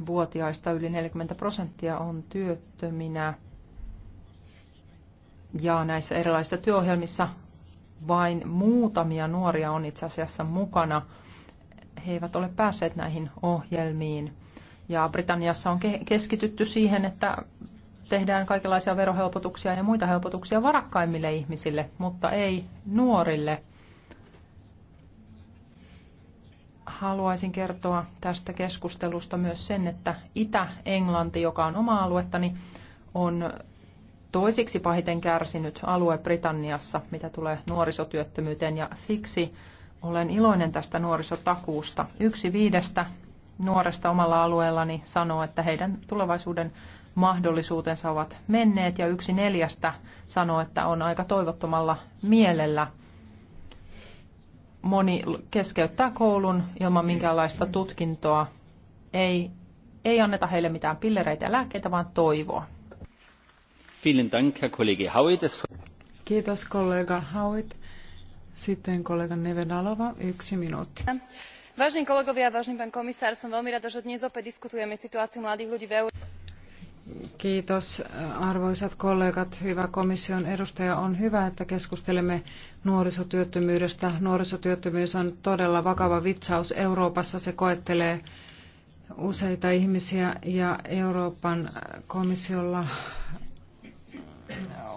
25-vuotiaista yli 40 prosenttia on työttöminä. Ja näissä erilaisissa työohjelmissa vain muutamia nuoria on itse asiassa mukana. He eivät ole päässeet näihin ohjelmiin. Ja Britanniassa on keskitytty siihen, että tehdään kaikenlaisia verohelpotuksia ja muita helpotuksia varakkaimmille ihmisille, mutta ei nuorille. Haluaisin kertoa tästä keskustelusta myös sen, että Itä-Englanti, joka on oma aluettani, on toisiksi pahiten kärsinyt alue Britanniassa, mitä tulee nuorisotyöttömyyteen, ja siksi olen iloinen tästä nuorisotakuusta. Yksi viidestä nuoresta omalla alueellani sanoo, että heidän tulevaisuuden mahdollisuutensa ovat menneet ja yksi neljästä sanoo, että on aika toivottomalla mielellä. Moni keskeyttää koulun ilman minkäänlaista tutkintoa. Ei, ei anneta heille mitään pillereitä ja lääkkeitä, vaan toivoa. Kiitos kollega Hauit. Sitten kollega Alova, yksi minuutti vážení kolegovia vážený pán komisár som veľmi rada že dnes opäť diskutujeme situáciu mladých ľudí v európe. Kiitos arvoisat kollegat, hyvä komission edustaja. On hyvä, että keskustelemme nuorisotyöttömyydestä. Nuorisotyöttömyys on todella vakava vitsaus Euroopassa. Se koettelee useita ihmisiä ja Euroopan komissiolla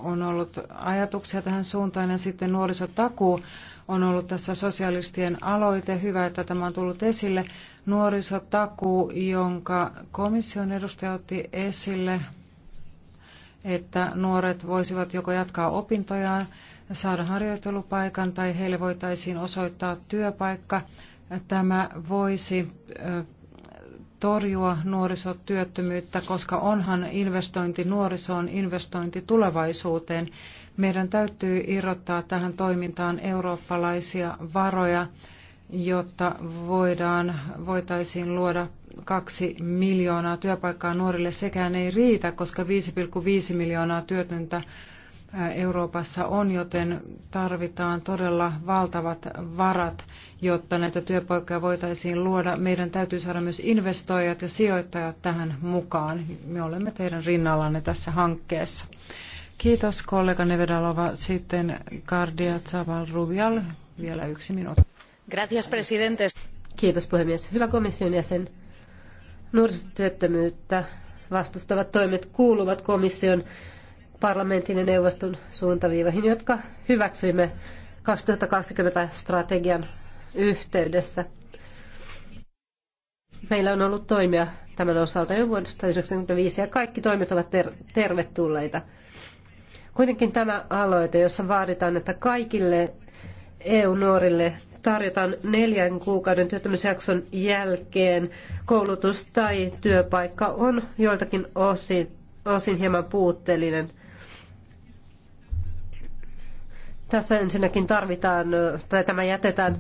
on ollut ajatuksia tähän suuntaan ja sitten nuorisotakuu on ollut tässä sosialistien aloite. Hyvä, että tämä on tullut esille nuorisotakuu, jonka komission edustaja otti esille, että nuoret voisivat joko jatkaa opintojaan, saada harjoittelupaikan tai heille voitaisiin osoittaa työpaikka. Tämä voisi torjua nuorisotyöttömyyttä, koska onhan investointi nuorisoon investointi tulevaisuuteen. Meidän täytyy irrottaa tähän toimintaan eurooppalaisia varoja jotta voidaan, voitaisiin luoda kaksi miljoonaa työpaikkaa nuorille. Sekään ei riitä, koska viisi miljoonaa työtöntä Euroopassa on, joten tarvitaan todella valtavat varat, jotta näitä työpaikkoja voitaisiin luoda. Meidän täytyy saada myös investoijat ja sijoittajat tähän mukaan. Me olemme teidän rinnallanne tässä hankkeessa. Kiitos kollega Nevedalova. Sitten Kardia Zaval Rubial. Vielä yksi minuutti. Kiitos puhemies. Hyvä komission jäsen. Nuorisotyöttömyyttä vastustavat toimet kuuluvat komission parlamentin ja neuvoston suuntaviivoihin, jotka hyväksyimme 2020 strategian yhteydessä. Meillä on ollut toimia tämän osalta jo vuodesta 1995 ja kaikki toimet ovat ter- tervetulleita. Kuitenkin tämä aloite, jossa vaaditaan, että kaikille EU-nuorille tarjotaan neljän kuukauden työttömyysjakson jälkeen koulutus tai työpaikka on joiltakin osin, osin hieman puutteellinen. Tässä ensinnäkin tarvitaan, tai tämä jätetään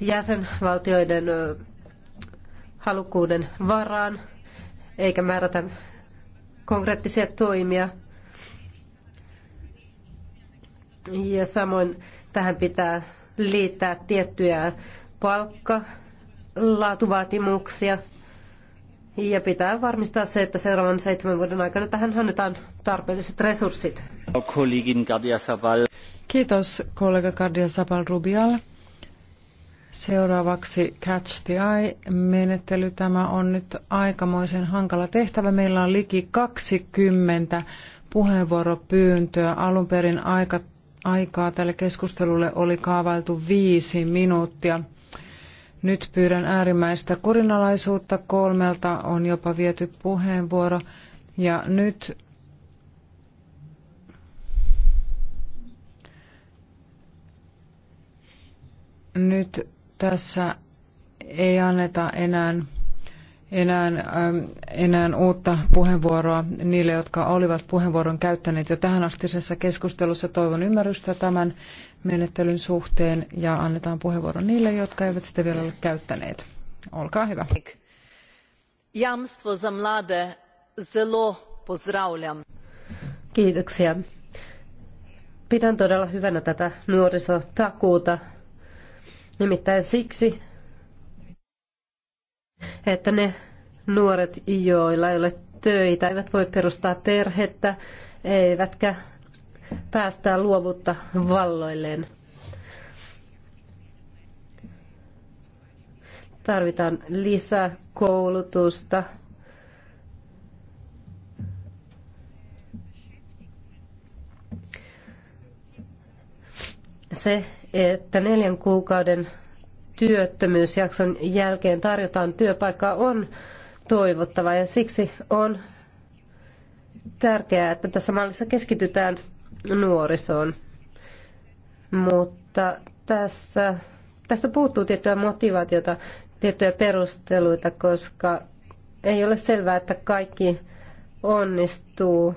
jäsenvaltioiden halukkuuden varaan, eikä määrätä konkreettisia toimia. Ja samoin tähän pitää liittää tiettyjä palkka, laatuvaatimuksia ja pitää varmistaa se, että seuraavan seitsemän vuoden aikana tähän annetaan tarpeelliset resurssit. Kiitos kollega Gardia Sabal Rubial. Seuraavaksi Catch the Eye-menettely. Tämä on nyt aikamoisen hankala tehtävä. Meillä on liki 20 puheenvuoropyyntöä. Alun perin aika aikaa tälle keskustelulle oli kaavailtu viisi minuuttia. Nyt pyydän äärimmäistä kurinalaisuutta. Kolmelta on jopa viety puheenvuoro. Ja nyt nyt tässä ei anneta enää enää, ähm, enää uutta puheenvuoroa niille, jotka olivat puheenvuoron käyttäneet jo tähän astisessa keskustelussa. Toivon ymmärrystä tämän menettelyn suhteen ja annetaan puheenvuoro niille, jotka eivät sitä vielä ole käyttäneet. Olkaa hyvä. Jamstvo za mlade zelo pozdravljam. Kiitoksia. Pidän todella hyvänä tätä nuorisotakuuta, nimittäin siksi, että ne nuoret, joilla ei ole töitä, eivät voi perustaa perhettä, eivätkä päästää luovuutta valloilleen. Tarvitaan lisää koulutusta. Se, että neljän kuukauden työttömyysjakson jälkeen tarjotaan työpaikkaa on toivottava ja siksi on tärkeää, että tässä mallissa keskitytään nuorisoon. Mutta tässä, tästä puuttuu tiettyä motivaatiota, tiettyjä perusteluita, koska ei ole selvää, että kaikki onnistuu.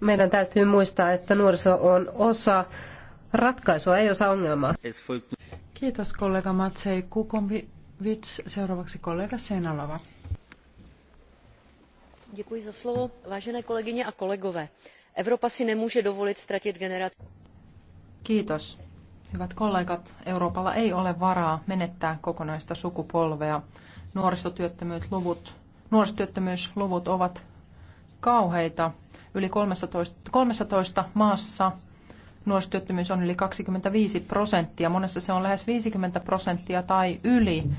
Meidän täytyy muistaa, että nuoriso on osa ratkaisua, ei osa ongelmaa. Kiitos kollega Matsei Kukovic. Seuraavaksi kollega Senalova. Děkuji za slovo. Vážené kolegyně a kolegové, Evropa si nemůže dovolit ztratit generaci. Kiitos. Hyvät kollegat, Euroopalla ei ole varaa menettää kokonaista sukupolvea. Nuorisotyöttömyysluvut, nuorisotyöttömyysluvut ovat kauheita. Yli 13, 13 maassa nuorisotyöttömyys on yli 25 prosenttia. Monessa se on lähes 50 prosenttia tai yli.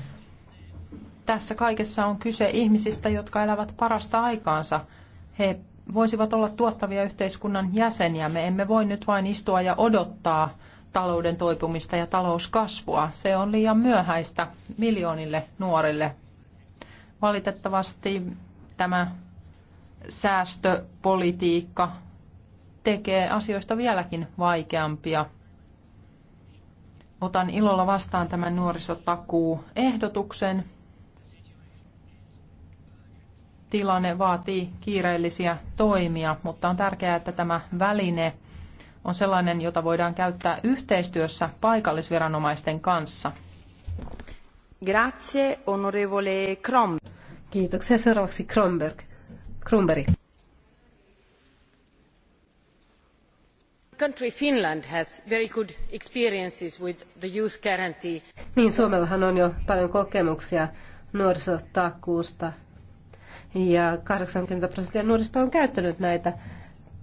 Tässä kaikessa on kyse ihmisistä, jotka elävät parasta aikaansa. He voisivat olla tuottavia yhteiskunnan jäseniä. Me emme voi nyt vain istua ja odottaa talouden toipumista ja talouskasvua. Se on liian myöhäistä miljoonille nuorille. Valitettavasti tämä säästöpolitiikka tekee asioista vieläkin vaikeampia. Otan ilolla vastaan tämän nuorisotakuu-ehdotuksen. Tilanne vaatii kiireellisiä toimia, mutta on tärkeää, että tämä väline on sellainen, jota voidaan käyttää yhteistyössä paikallisviranomaisten kanssa. Grazie, onorevole Krom. Kiitoksia. Seuraavaksi Kronberg. Kronberg. country Finland has very good experiences with the youth guarantee. Niin Suomellahan on jo paljon kokemuksia nuorisotakuusta ja 80 prosenttia nuorista on käyttänyt näitä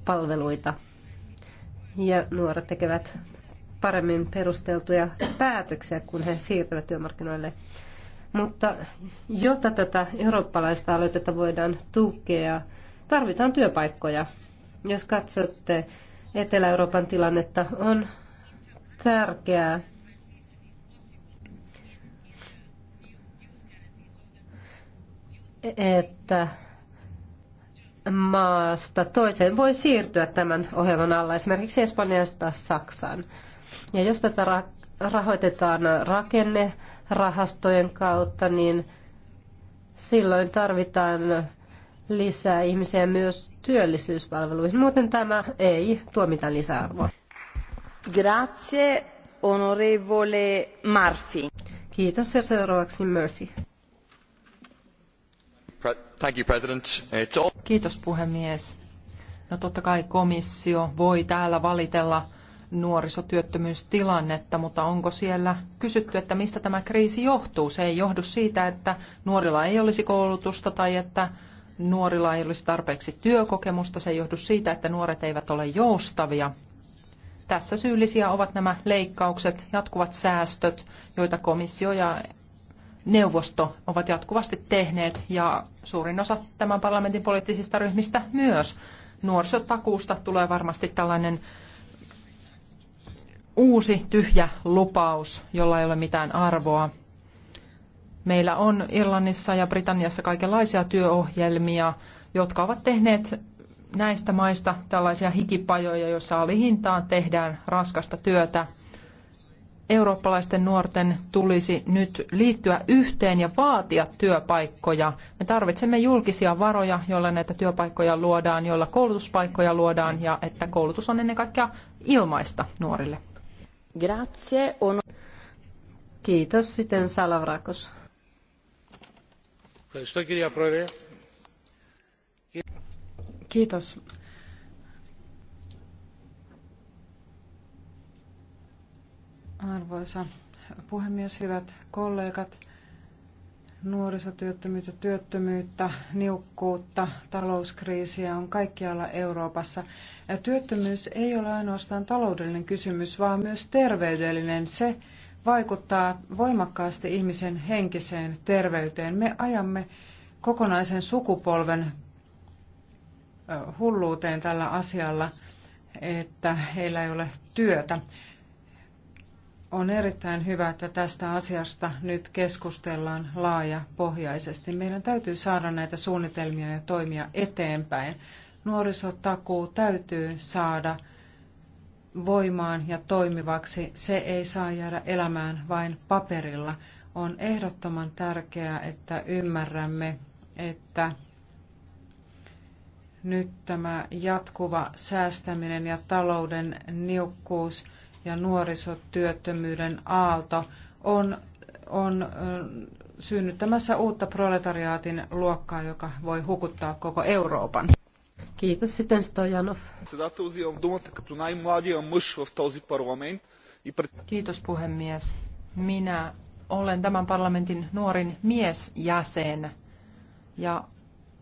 palveluita. Ja nuoret tekevät paremmin perusteltuja päätöksiä, kun he siirtyvät työmarkkinoille. Mutta jotta tätä eurooppalaista aloitetta voidaan tukea, tarvitaan työpaikkoja. Jos katsotte Etelä-Euroopan tilannetta, on tärkeää että maasta toiseen voi siirtyä tämän ohjelman alla, esimerkiksi Espanjasta Saksaan. Ja jos tätä ra- rahoitetaan rakennerahastojen kautta, niin silloin tarvitaan lisää ihmisiä myös työllisyyspalveluihin. Muuten tämä ei tuo mitään lisäarvoa. Grazie, onorevole Murphy. Kiitos ja seuraavaksi Murphy. Thank you, President. It's all... Kiitos puhemies. No totta kai komissio voi täällä valitella nuorisotyöttömyystilannetta, mutta onko siellä kysytty, että mistä tämä kriisi johtuu? Se ei johdu siitä, että nuorilla ei olisi koulutusta tai että nuorilla ei olisi tarpeeksi työkokemusta. Se ei johdu siitä, että nuoret eivät ole joustavia. Tässä syyllisiä ovat nämä leikkaukset, jatkuvat säästöt, joita komissio ja neuvosto ovat jatkuvasti tehneet ja suurin osa tämän parlamentin poliittisista ryhmistä myös. Nuorisotakuusta tulee varmasti tällainen uusi tyhjä lupaus, jolla ei ole mitään arvoa. Meillä on Irlannissa ja Britanniassa kaikenlaisia työohjelmia, jotka ovat tehneet näistä maista tällaisia hikipajoja, joissa alihintaan tehdään raskasta työtä. Eurooppalaisten nuorten tulisi nyt liittyä yhteen ja vaatia työpaikkoja. Me tarvitsemme julkisia varoja, joilla näitä työpaikkoja luodaan, joilla koulutuspaikkoja luodaan ja että koulutus on ennen kaikkea ilmaista nuorille. Grazie. On... Kiitos. Sitten Salavrakos. Kiitos. Arvoisa puhemies, hyvät kollegat, nuorisotyöttömyyttä, työttömyyttä, niukkuutta, talouskriisiä on kaikkialla Euroopassa. Ja työttömyys ei ole ainoastaan taloudellinen kysymys, vaan myös terveydellinen. Se, vaikuttaa voimakkaasti ihmisen henkiseen terveyteen. Me ajamme kokonaisen sukupolven hulluuteen tällä asialla, että heillä ei ole työtä. On erittäin hyvä, että tästä asiasta nyt keskustellaan laajapohjaisesti. Meidän täytyy saada näitä suunnitelmia ja toimia eteenpäin. Nuorisotakuu täytyy saada voimaan ja toimivaksi. Se ei saa jäädä elämään vain paperilla. On ehdottoman tärkeää, että ymmärrämme, että nyt tämä jatkuva säästäminen ja talouden niukkuus ja nuorisotyöttömyyden aalto on, on synnyttämässä uutta proletariaatin luokkaa, joka voi hukuttaa koko Euroopan. Kiitos sitten Stojanov. Kiitos puhemies. Minä olen tämän parlamentin nuorin miesjäsen ja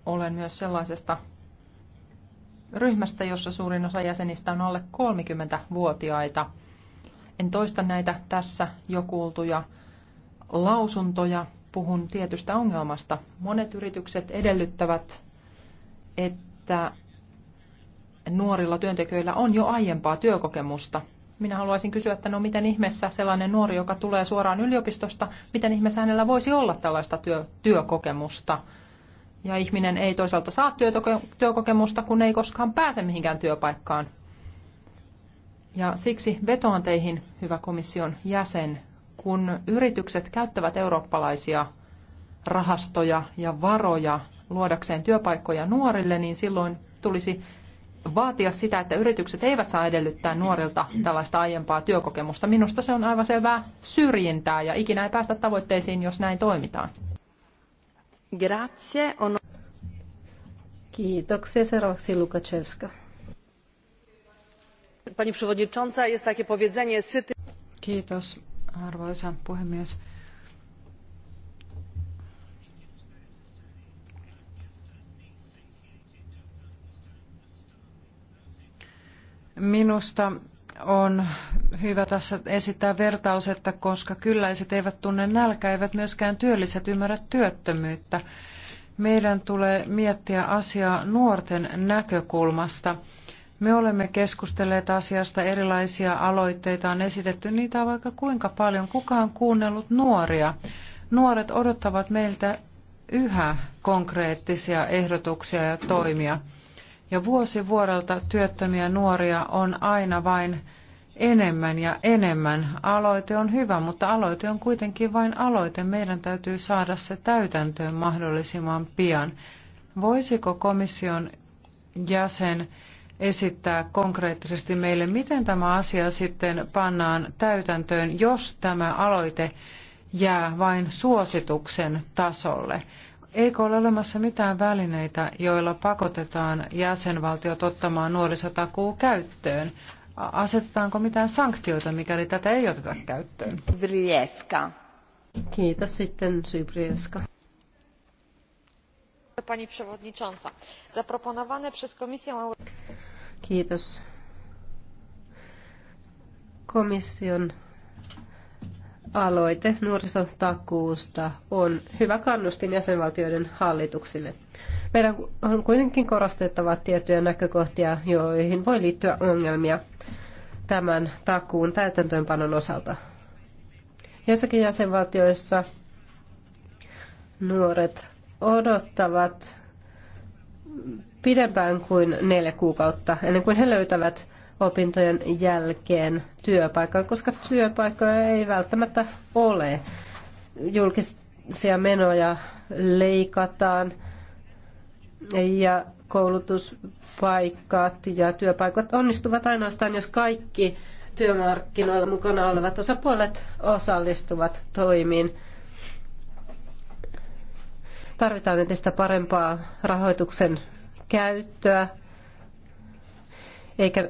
olen myös sellaisesta ryhmästä, jossa suurin osa jäsenistä on alle 30-vuotiaita. En toista näitä tässä jo kuultuja lausuntoja, puhun tietystä ongelmasta. Monet yritykset edellyttävät, että nuorilla työntekijöillä on jo aiempaa työkokemusta. Minä haluaisin kysyä, että no miten ihmeessä sellainen nuori, joka tulee suoraan yliopistosta, miten ihmeessä hänellä voisi olla tällaista työ, työkokemusta? Ja ihminen ei toisaalta saa työkokemusta, kun ei koskaan pääse mihinkään työpaikkaan. Ja siksi vetoan teihin, hyvä komission jäsen, kun yritykset käyttävät eurooppalaisia rahastoja ja varoja luodakseen työpaikkoja nuorille, niin silloin tulisi vaatia sitä, että yritykset eivät saa edellyttää nuorilta tällaista aiempaa työkokemusta. Minusta se on aivan selvää syrjintää ja ikinä ei päästä tavoitteisiin, jos näin toimitaan. Grazie. On... Kiitoksia. Seuraavaksi Lukaczewska. Pani przewodnicząca, jest takie powiedzenie syty... Kiitos, arvoisa puhemies. Minusta on hyvä tässä esittää vertaus, että koska kylläiset eivät tunne nälkää, eivät myöskään työlliset ymmärrä työttömyyttä. Meidän tulee miettiä asiaa nuorten näkökulmasta. Me olemme keskustelleet asiasta, erilaisia aloitteita on esitetty, niitä on vaikka kuinka paljon. Kuka on kuunnellut nuoria? Nuoret odottavat meiltä yhä konkreettisia ehdotuksia ja toimia. Ja vuosi vuodelta työttömiä nuoria on aina vain enemmän ja enemmän. Aloite on hyvä, mutta aloite on kuitenkin vain aloite. Meidän täytyy saada se täytäntöön mahdollisimman pian. Voisiko komission jäsen esittää konkreettisesti meille, miten tämä asia sitten pannaan täytäntöön, jos tämä aloite jää vain suosituksen tasolle? Eikö ole olemassa mitään välineitä, joilla pakotetaan jäsenvaltiot ottamaan nuorisotakuu käyttöön? Asetetaanko mitään sanktioita, mikäli tätä ei oteta käyttöön? Vrieska. Kiitos sitten Sybrieska. Pani przewodnicząca. Zaproponowane przez Komisję Kiitos. Komission aloite nuorisotakuusta on hyvä kannustin jäsenvaltioiden hallituksille. Meidän on kuitenkin korostettava tiettyjä näkökohtia, joihin voi liittyä ongelmia tämän takuun täytäntöönpanon osalta. Jossakin jäsenvaltioissa nuoret odottavat pidempään kuin neljä kuukautta ennen kuin he löytävät opintojen jälkeen työpaikan, koska työpaikkoja ei välttämättä ole. Julkisia menoja leikataan ja koulutuspaikat ja työpaikat onnistuvat ainoastaan, jos kaikki työmarkkinoilla mukana olevat osapuolet osallistuvat toimiin. Tarvitaan entistä parempaa rahoituksen käyttöä, eikä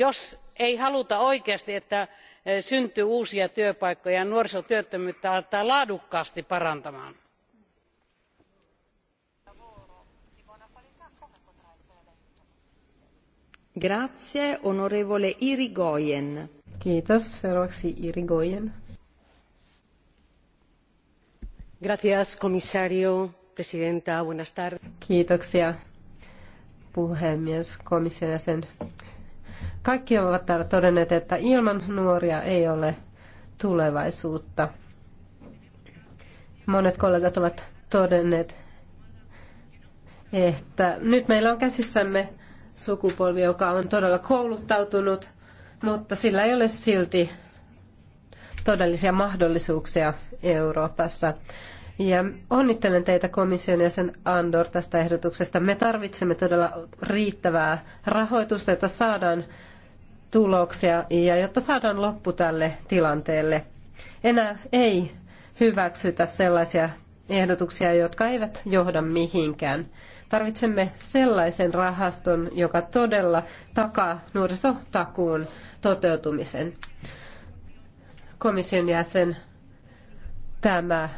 jos ei haluta oikeasti että eh, syntyy uusia työpaikkoja ja nuorisotyöttömyyttä aletaan laadukkaasti parantamaan Grazie, onorevole Irigoyen. Kiitos. presidenta, Kiitoksia, jäsen. Kaikki ovat täällä todenneet, että ilman nuoria ei ole tulevaisuutta. Monet kollegat ovat todenneet, että nyt meillä on käsissämme sukupolvi, joka on todella kouluttautunut, mutta sillä ei ole silti todellisia mahdollisuuksia Euroopassa. Ja onnittelen teitä komission jäsen Andor tästä ehdotuksesta. Me tarvitsemme todella riittävää rahoitusta, jotta saadaan tuloksia ja jotta saadaan loppu tälle tilanteelle. Enää ei hyväksytä sellaisia ehdotuksia, jotka eivät johda mihinkään. Tarvitsemme sellaisen rahaston, joka todella takaa nuorisotakuun toteutumisen. Komission jäsen, tämä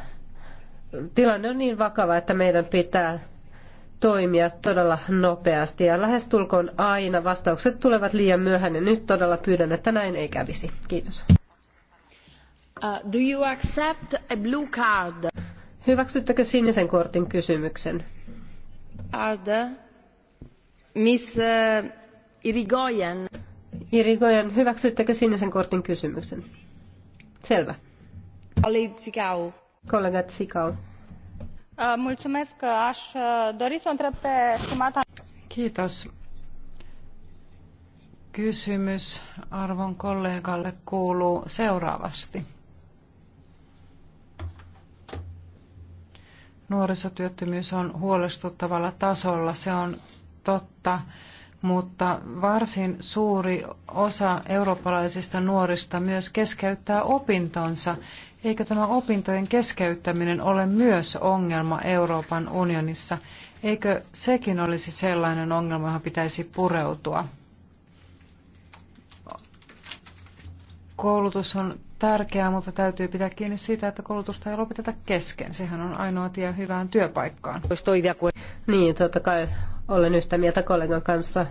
tilanne on niin vakava, että meidän pitää toimia todella nopeasti ja lähestulkoon aina vastaukset tulevat liian myöhään ja nyt todella pyydän, että näin ei kävisi. Kiitos. Uh, do you accept a blue card? Hyväksyttekö sinisen kortin kysymyksen? Arda, Miss uh, Irigoyen. Irigoyen, hyväksyttekö sinisen kortin kysymyksen? Selvä. Oli Tsikau. Kollega Tsikau. Uh, aș uh, dori să întreb pe stimata... Kiitos. Kysymys arvon kollegalle kuuluu seuraavasti. Nuorisotyöttömyys on huolestuttavalla tasolla, se on totta, mutta varsin suuri osa eurooppalaisista nuorista myös keskeyttää opintonsa Eikö tämä opintojen keskeyttäminen ole myös ongelma Euroopan unionissa? Eikö sekin olisi sellainen ongelma, johon pitäisi pureutua? Koulutus on tärkeää, mutta täytyy pitää kiinni siitä, että koulutusta ei lopeteta kesken. Sehän on ainoa tie hyvään työpaikkaan. Niin, totta kai olen yhtä mieltä kollegan kanssa.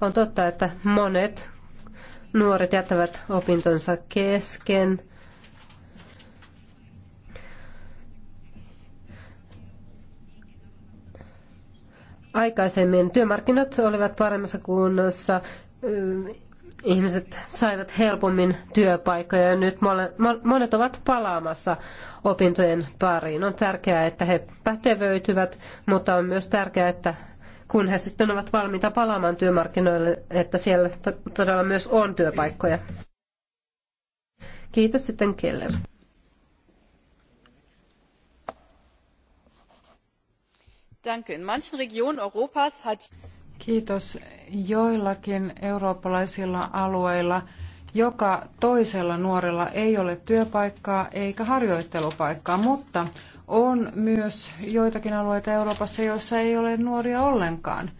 On totta, että monet nuoret jättävät opintonsa kesken – aikaisemmin työmarkkinat olivat paremmassa kunnossa, ihmiset saivat helpommin työpaikkoja ja nyt monet ovat palaamassa opintojen pariin. On tärkeää, että he pätevöityvät, mutta on myös tärkeää, että kun he sitten ovat valmiita palaamaan työmarkkinoille, että siellä todella myös on työpaikkoja. Kiitos sitten Keller. in manchen regionen europas hat Kiitos. Joillakin eurooppalaisilla alueilla joka toisella nuorella ei ole työpaikkaa eikä harjoittelupaikkaa, mutta on myös joitakin alueita Euroopassa, joissa ei ole nuoria ollenkaan.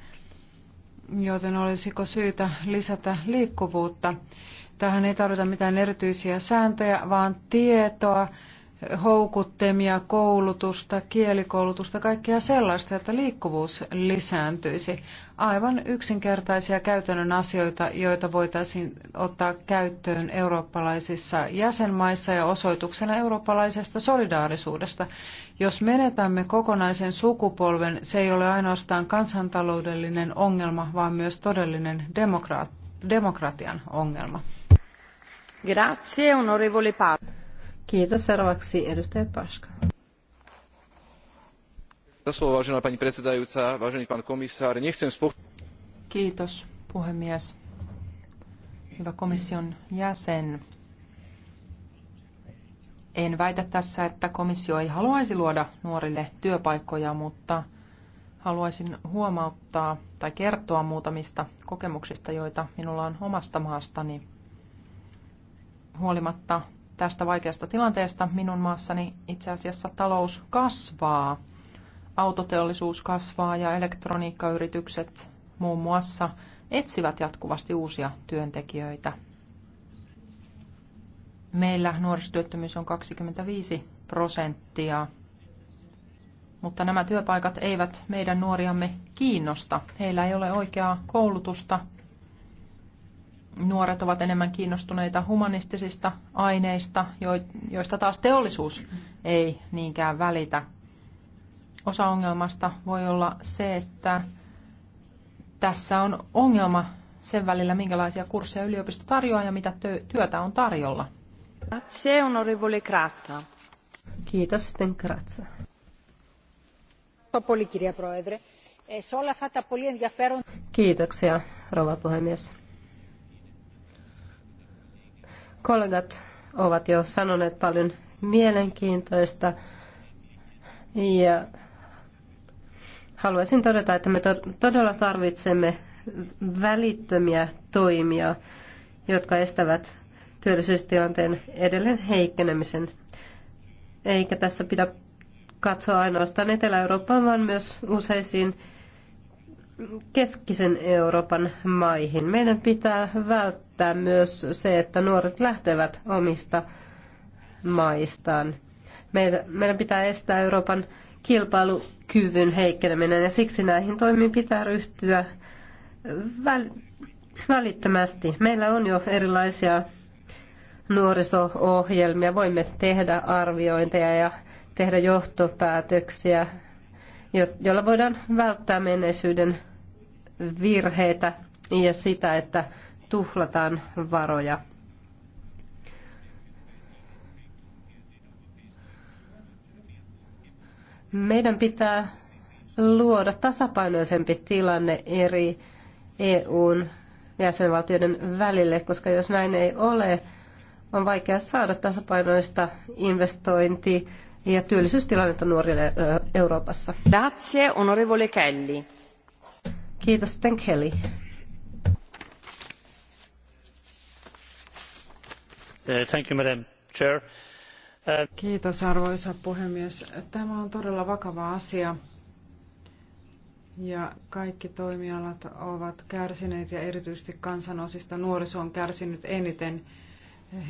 Joten olisiko syytä lisätä liikkuvuutta? Tähän ei tarvita mitään erityisiä sääntöjä, vaan tietoa houkuttimia, koulutusta, kielikoulutusta, kaikkea sellaista, että liikkuvuus lisääntyisi. Aivan yksinkertaisia käytännön asioita, joita voitaisiin ottaa käyttöön eurooppalaisissa jäsenmaissa ja osoituksena eurooppalaisesta solidaarisuudesta. Jos menetämme kokonaisen sukupolven, se ei ole ainoastaan kansantaloudellinen ongelma, vaan myös todellinen demokratian ongelma. Grazie, onorevole Paolo. Kiitos. Seuraavaksi edustaja Paska. Kiitos, puhemies. Hyvä komission jäsen. En väitä tässä, että komissio ei haluaisi luoda nuorille työpaikkoja, mutta haluaisin huomauttaa tai kertoa muutamista kokemuksista, joita minulla on omasta maastani. Huolimatta tästä vaikeasta tilanteesta. Minun maassani itse asiassa talous kasvaa. Autoteollisuus kasvaa ja elektroniikkayritykset muun muassa etsivät jatkuvasti uusia työntekijöitä. Meillä nuorisotyöttömyys on 25 prosenttia, mutta nämä työpaikat eivät meidän nuoriamme kiinnosta. Heillä ei ole oikeaa koulutusta nuoret ovat enemmän kiinnostuneita humanistisista aineista, joista taas teollisuus ei niinkään välitä. Osa ongelmasta voi olla se, että tässä on ongelma sen välillä, minkälaisia kursseja yliopisto tarjoaa ja mitä työtä on tarjolla. Grazie, onorevole Kratsa. Kiitos, sitten Kratsa. E, e, Kiitoksia, rouva puhemies Kollegat ovat jo sanoneet paljon mielenkiintoista ja haluaisin todeta, että me todella tarvitsemme välittömiä toimia, jotka estävät työllisyystilanteen edelleen heikkenemisen. Eikä tässä pidä katsoa ainoastaan Etelä-Eurooppaan, vaan myös useisiin keskisen Euroopan maihin. Meidän pitää välttää myös se, että nuoret lähtevät omista maistaan. Meidän, pitää estää Euroopan kilpailukyvyn heikkeneminen ja siksi näihin toimiin pitää ryhtyä väl, välittömästi. Meillä on jo erilaisia nuoriso-ohjelmia, voimme tehdä arviointeja ja tehdä johtopäätöksiä, joilla voidaan välttää menneisyyden virheitä ja sitä, että tuhlataan varoja. Meidän pitää luoda tasapainoisempi tilanne eri EUn jäsenvaltioiden välille, koska jos näin ei ole, on vaikea saada tasapainoista investointi- ja työllisyystilannetta nuorille Euroopassa. Grazie, onorevole Kelly. Kiitos, Ten uh, Thank you, Madam Chair. Uh, Kiitos arvoisa puhemies. Tämä on todella vakava asia ja kaikki toimialat ovat kärsineet ja erityisesti kansanosista nuoriso on kärsinyt eniten.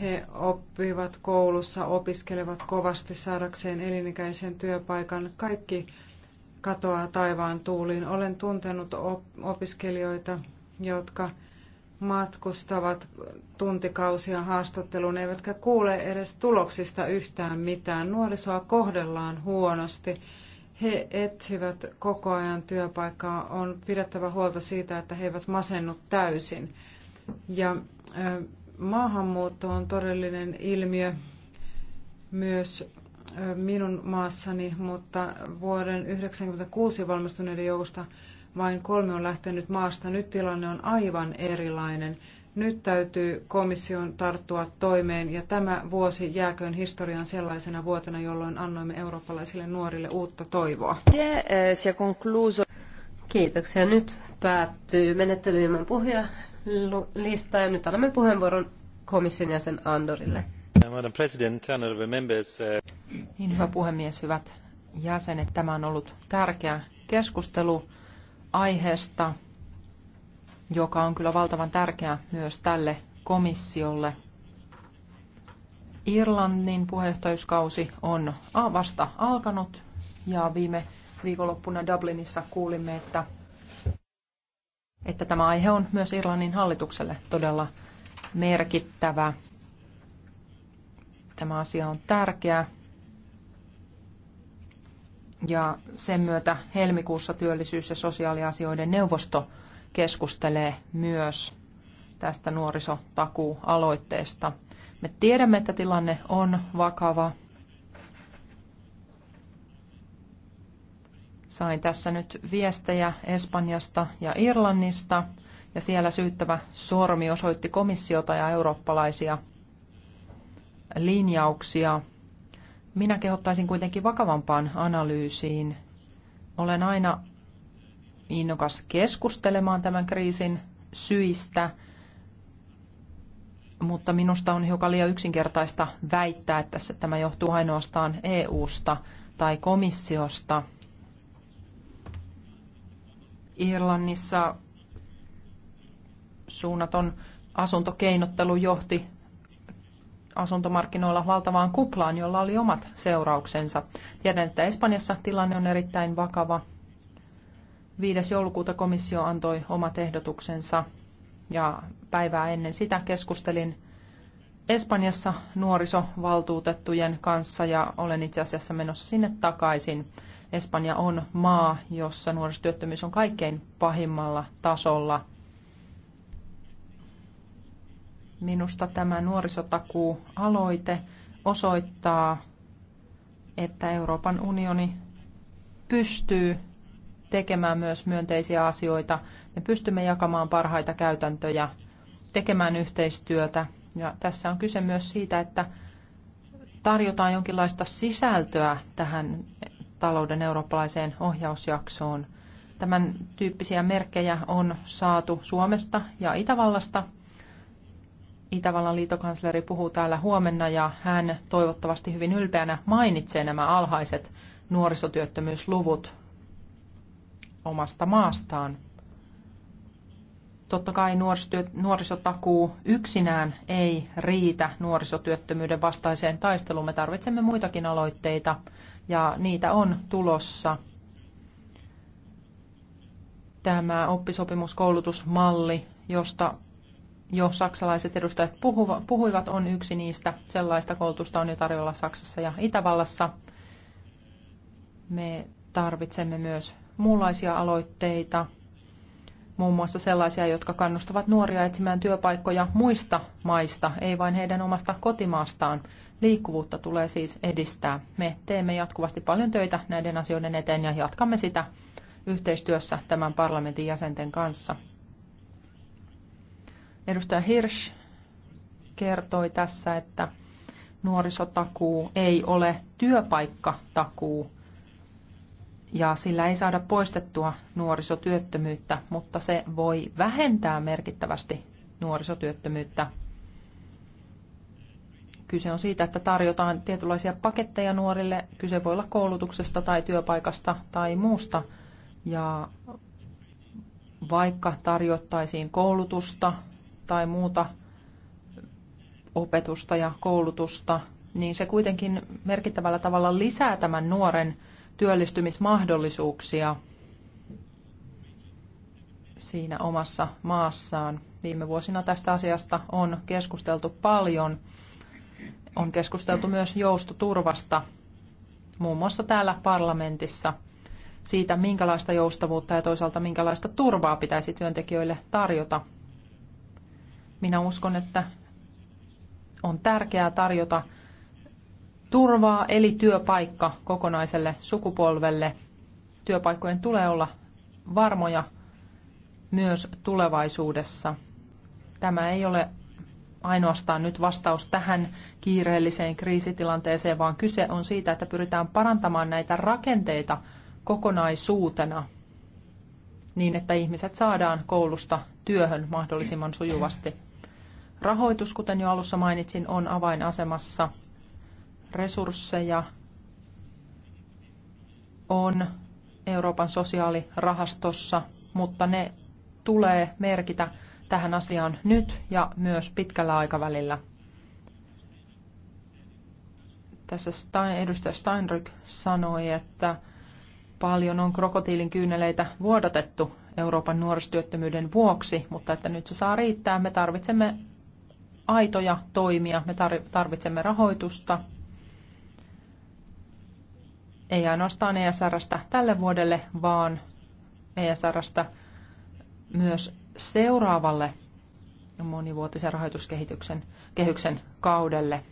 He oppivat koulussa, opiskelevat kovasti saadakseen elinikäisen työpaikan. Kaikki katoaa taivaan tuuliin. Olen tuntenut opiskelijoita, jotka matkustavat tuntikausia haastatteluun, eivätkä kuule edes tuloksista yhtään mitään. Nuorisoa kohdellaan huonosti. He etsivät koko ajan työpaikkaa. On pidettävä huolta siitä, että he eivät masennut täysin. Ja maahanmuutto on todellinen ilmiö myös minun maassani, mutta vuoden 1996 valmistuneiden joukosta vain kolme on lähtenyt maasta. Nyt tilanne on aivan erilainen. Nyt täytyy komission tarttua toimeen ja tämä vuosi jääköön historian sellaisena vuotena, jolloin annoimme eurooppalaisille nuorille uutta toivoa. Kiitoksia. Nyt päättyy menettely puhujalista ja nyt annamme puheenvuoron komission jäsen Andorille. Madam President, members. Uh, niin, hyvä puhemies, hyvät jäsenet. Tämä on ollut tärkeä keskustelu aiheesta, joka on kyllä valtavan tärkeä myös tälle komissiolle. Irlannin puheenjohtajuuskausi on vasta alkanut ja viime viikonloppuna Dublinissa kuulimme, että, että tämä aihe on myös Irlannin hallitukselle todella merkittävä. Tämä asia on tärkeä. Ja sen myötä helmikuussa työllisyys- ja sosiaaliasioiden neuvosto keskustelee myös tästä nuorisotakuualoitteesta. Me tiedämme, että tilanne on vakava. Sain tässä nyt viestejä Espanjasta ja Irlannista, ja siellä syyttävä sormi osoitti komissiota ja eurooppalaisia linjauksia. Minä kehottaisin kuitenkin vakavampaan analyysiin. Olen aina innokas keskustelemaan tämän kriisin syistä, mutta minusta on hiukan liian yksinkertaista väittää, että se tämä johtuu ainoastaan EU-sta tai komissiosta. Irlannissa suunnaton asuntokeinottelu johti asuntomarkkinoilla valtavaan kuplaan, jolla oli omat seurauksensa. Tiedän, että Espanjassa tilanne on erittäin vakava. 5. joulukuuta komissio antoi omat ehdotuksensa ja päivää ennen sitä keskustelin Espanjassa nuorisovaltuutettujen kanssa ja olen itse asiassa menossa sinne takaisin. Espanja on maa, jossa nuorisotyöttömyys on kaikkein pahimmalla tasolla. Minusta tämä nuorisotakuu-aloite osoittaa, että Euroopan unioni pystyy tekemään myös myönteisiä asioita. Me pystymme jakamaan parhaita käytäntöjä, tekemään yhteistyötä. Ja tässä on kyse myös siitä, että tarjotaan jonkinlaista sisältöä tähän talouden eurooppalaiseen ohjausjaksoon. Tämän tyyppisiä merkkejä on saatu Suomesta ja Itävallasta – Itävallan liitokansleri puhuu täällä huomenna ja hän toivottavasti hyvin ylpeänä mainitsee nämä alhaiset nuorisotyöttömyysluvut omasta maastaan. Totta kai nuorisotakuu yksinään ei riitä nuorisotyöttömyyden vastaiseen taisteluun. Me tarvitsemme muitakin aloitteita ja niitä on tulossa. Tämä oppisopimuskoulutusmalli, josta jo saksalaiset edustajat puhuivat, on yksi niistä. Sellaista koulutusta on jo tarjolla Saksassa ja Itävallassa. Me tarvitsemme myös muunlaisia aloitteita, muun muassa sellaisia, jotka kannustavat nuoria etsimään työpaikkoja muista maista, ei vain heidän omasta kotimaastaan. Liikkuvuutta tulee siis edistää. Me teemme jatkuvasti paljon töitä näiden asioiden eteen ja jatkamme sitä yhteistyössä tämän parlamentin jäsenten kanssa. Edustaja Hirsch kertoi tässä, että nuorisotakuu ei ole työpaikkatakuu ja sillä ei saada poistettua nuorisotyöttömyyttä, mutta se voi vähentää merkittävästi nuorisotyöttömyyttä. Kyse on siitä, että tarjotaan tietynlaisia paketteja nuorille. Kyse voi olla koulutuksesta tai työpaikasta tai muusta. Ja vaikka tarjottaisiin koulutusta tai muuta opetusta ja koulutusta, niin se kuitenkin merkittävällä tavalla lisää tämän nuoren työllistymismahdollisuuksia siinä omassa maassaan. Viime vuosina tästä asiasta on keskusteltu paljon. On keskusteltu myös joustoturvasta, muun muassa täällä parlamentissa, siitä minkälaista joustavuutta ja toisaalta minkälaista turvaa pitäisi työntekijöille tarjota minä uskon, että on tärkeää tarjota turvaa eli työpaikka kokonaiselle sukupolvelle. Työpaikkojen tulee olla varmoja myös tulevaisuudessa. Tämä ei ole ainoastaan nyt vastaus tähän kiireelliseen kriisitilanteeseen, vaan kyse on siitä, että pyritään parantamaan näitä rakenteita kokonaisuutena niin, että ihmiset saadaan koulusta työhön mahdollisimman sujuvasti. Rahoitus, kuten jo alussa mainitsin, on avainasemassa. Resursseja on Euroopan sosiaalirahastossa, mutta ne tulee merkitä tähän asiaan nyt ja myös pitkällä aikavälillä. Tässä Stein, edustaja Steinrück sanoi, että paljon on krokotiilin kyyneleitä vuodatettu Euroopan nuorisotyöttömyyden vuoksi, mutta että nyt se saa riittää. Me tarvitsemme aitoja toimia. Me tarvitsemme rahoitusta, ei ainoastaan ESRstä tälle vuodelle, vaan ESRstä myös seuraavalle monivuotisen rahoituskehityksen kehyksen kaudelle.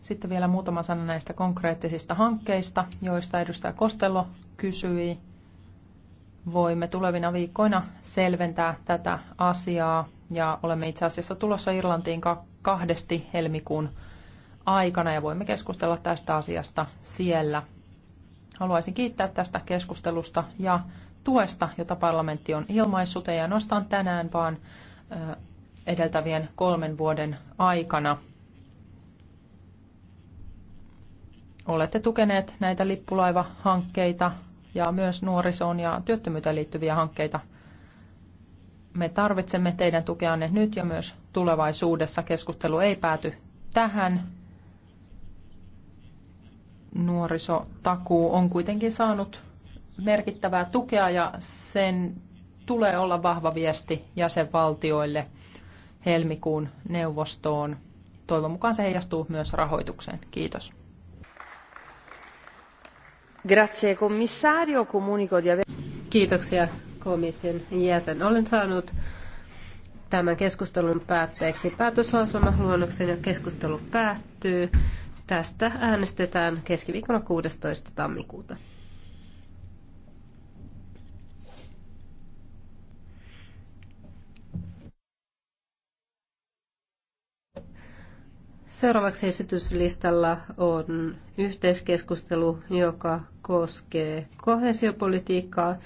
Sitten vielä muutama sana näistä konkreettisista hankkeista, joista edustaja Kostello kysyi voimme tulevina viikkoina selventää tätä asiaa ja olemme itse asiassa tulossa Irlantiin kahdesti helmikuun aikana ja voimme keskustella tästä asiasta siellä. Haluaisin kiittää tästä keskustelusta ja tuesta, jota parlamentti on ilmaissut, ei ainoastaan tänään, vaan edeltävien kolmen vuoden aikana. Olette tukeneet näitä lippulaivahankkeita ja myös nuorisoon ja työttömyyteen liittyviä hankkeita. Me tarvitsemme teidän tukeanne nyt ja myös tulevaisuudessa. Keskustelu ei pääty tähän. Nuorisotakuu on kuitenkin saanut merkittävää tukea ja sen tulee olla vahva viesti jäsenvaltioille helmikuun neuvostoon. Toivon mukaan se heijastuu myös rahoitukseen. Kiitos. Grazie, komissario. Comunico di aver... Kiitoksia komission jäsen. Olen saanut tämän keskustelun päätteeksi päätöslauselman ja keskustelu päättyy. Tästä äänestetään keskiviikkona 16. tammikuuta. Seuraavaksi esityslistalla on yhteiskeskustelu, joka koskee kohesiopolitiikkaa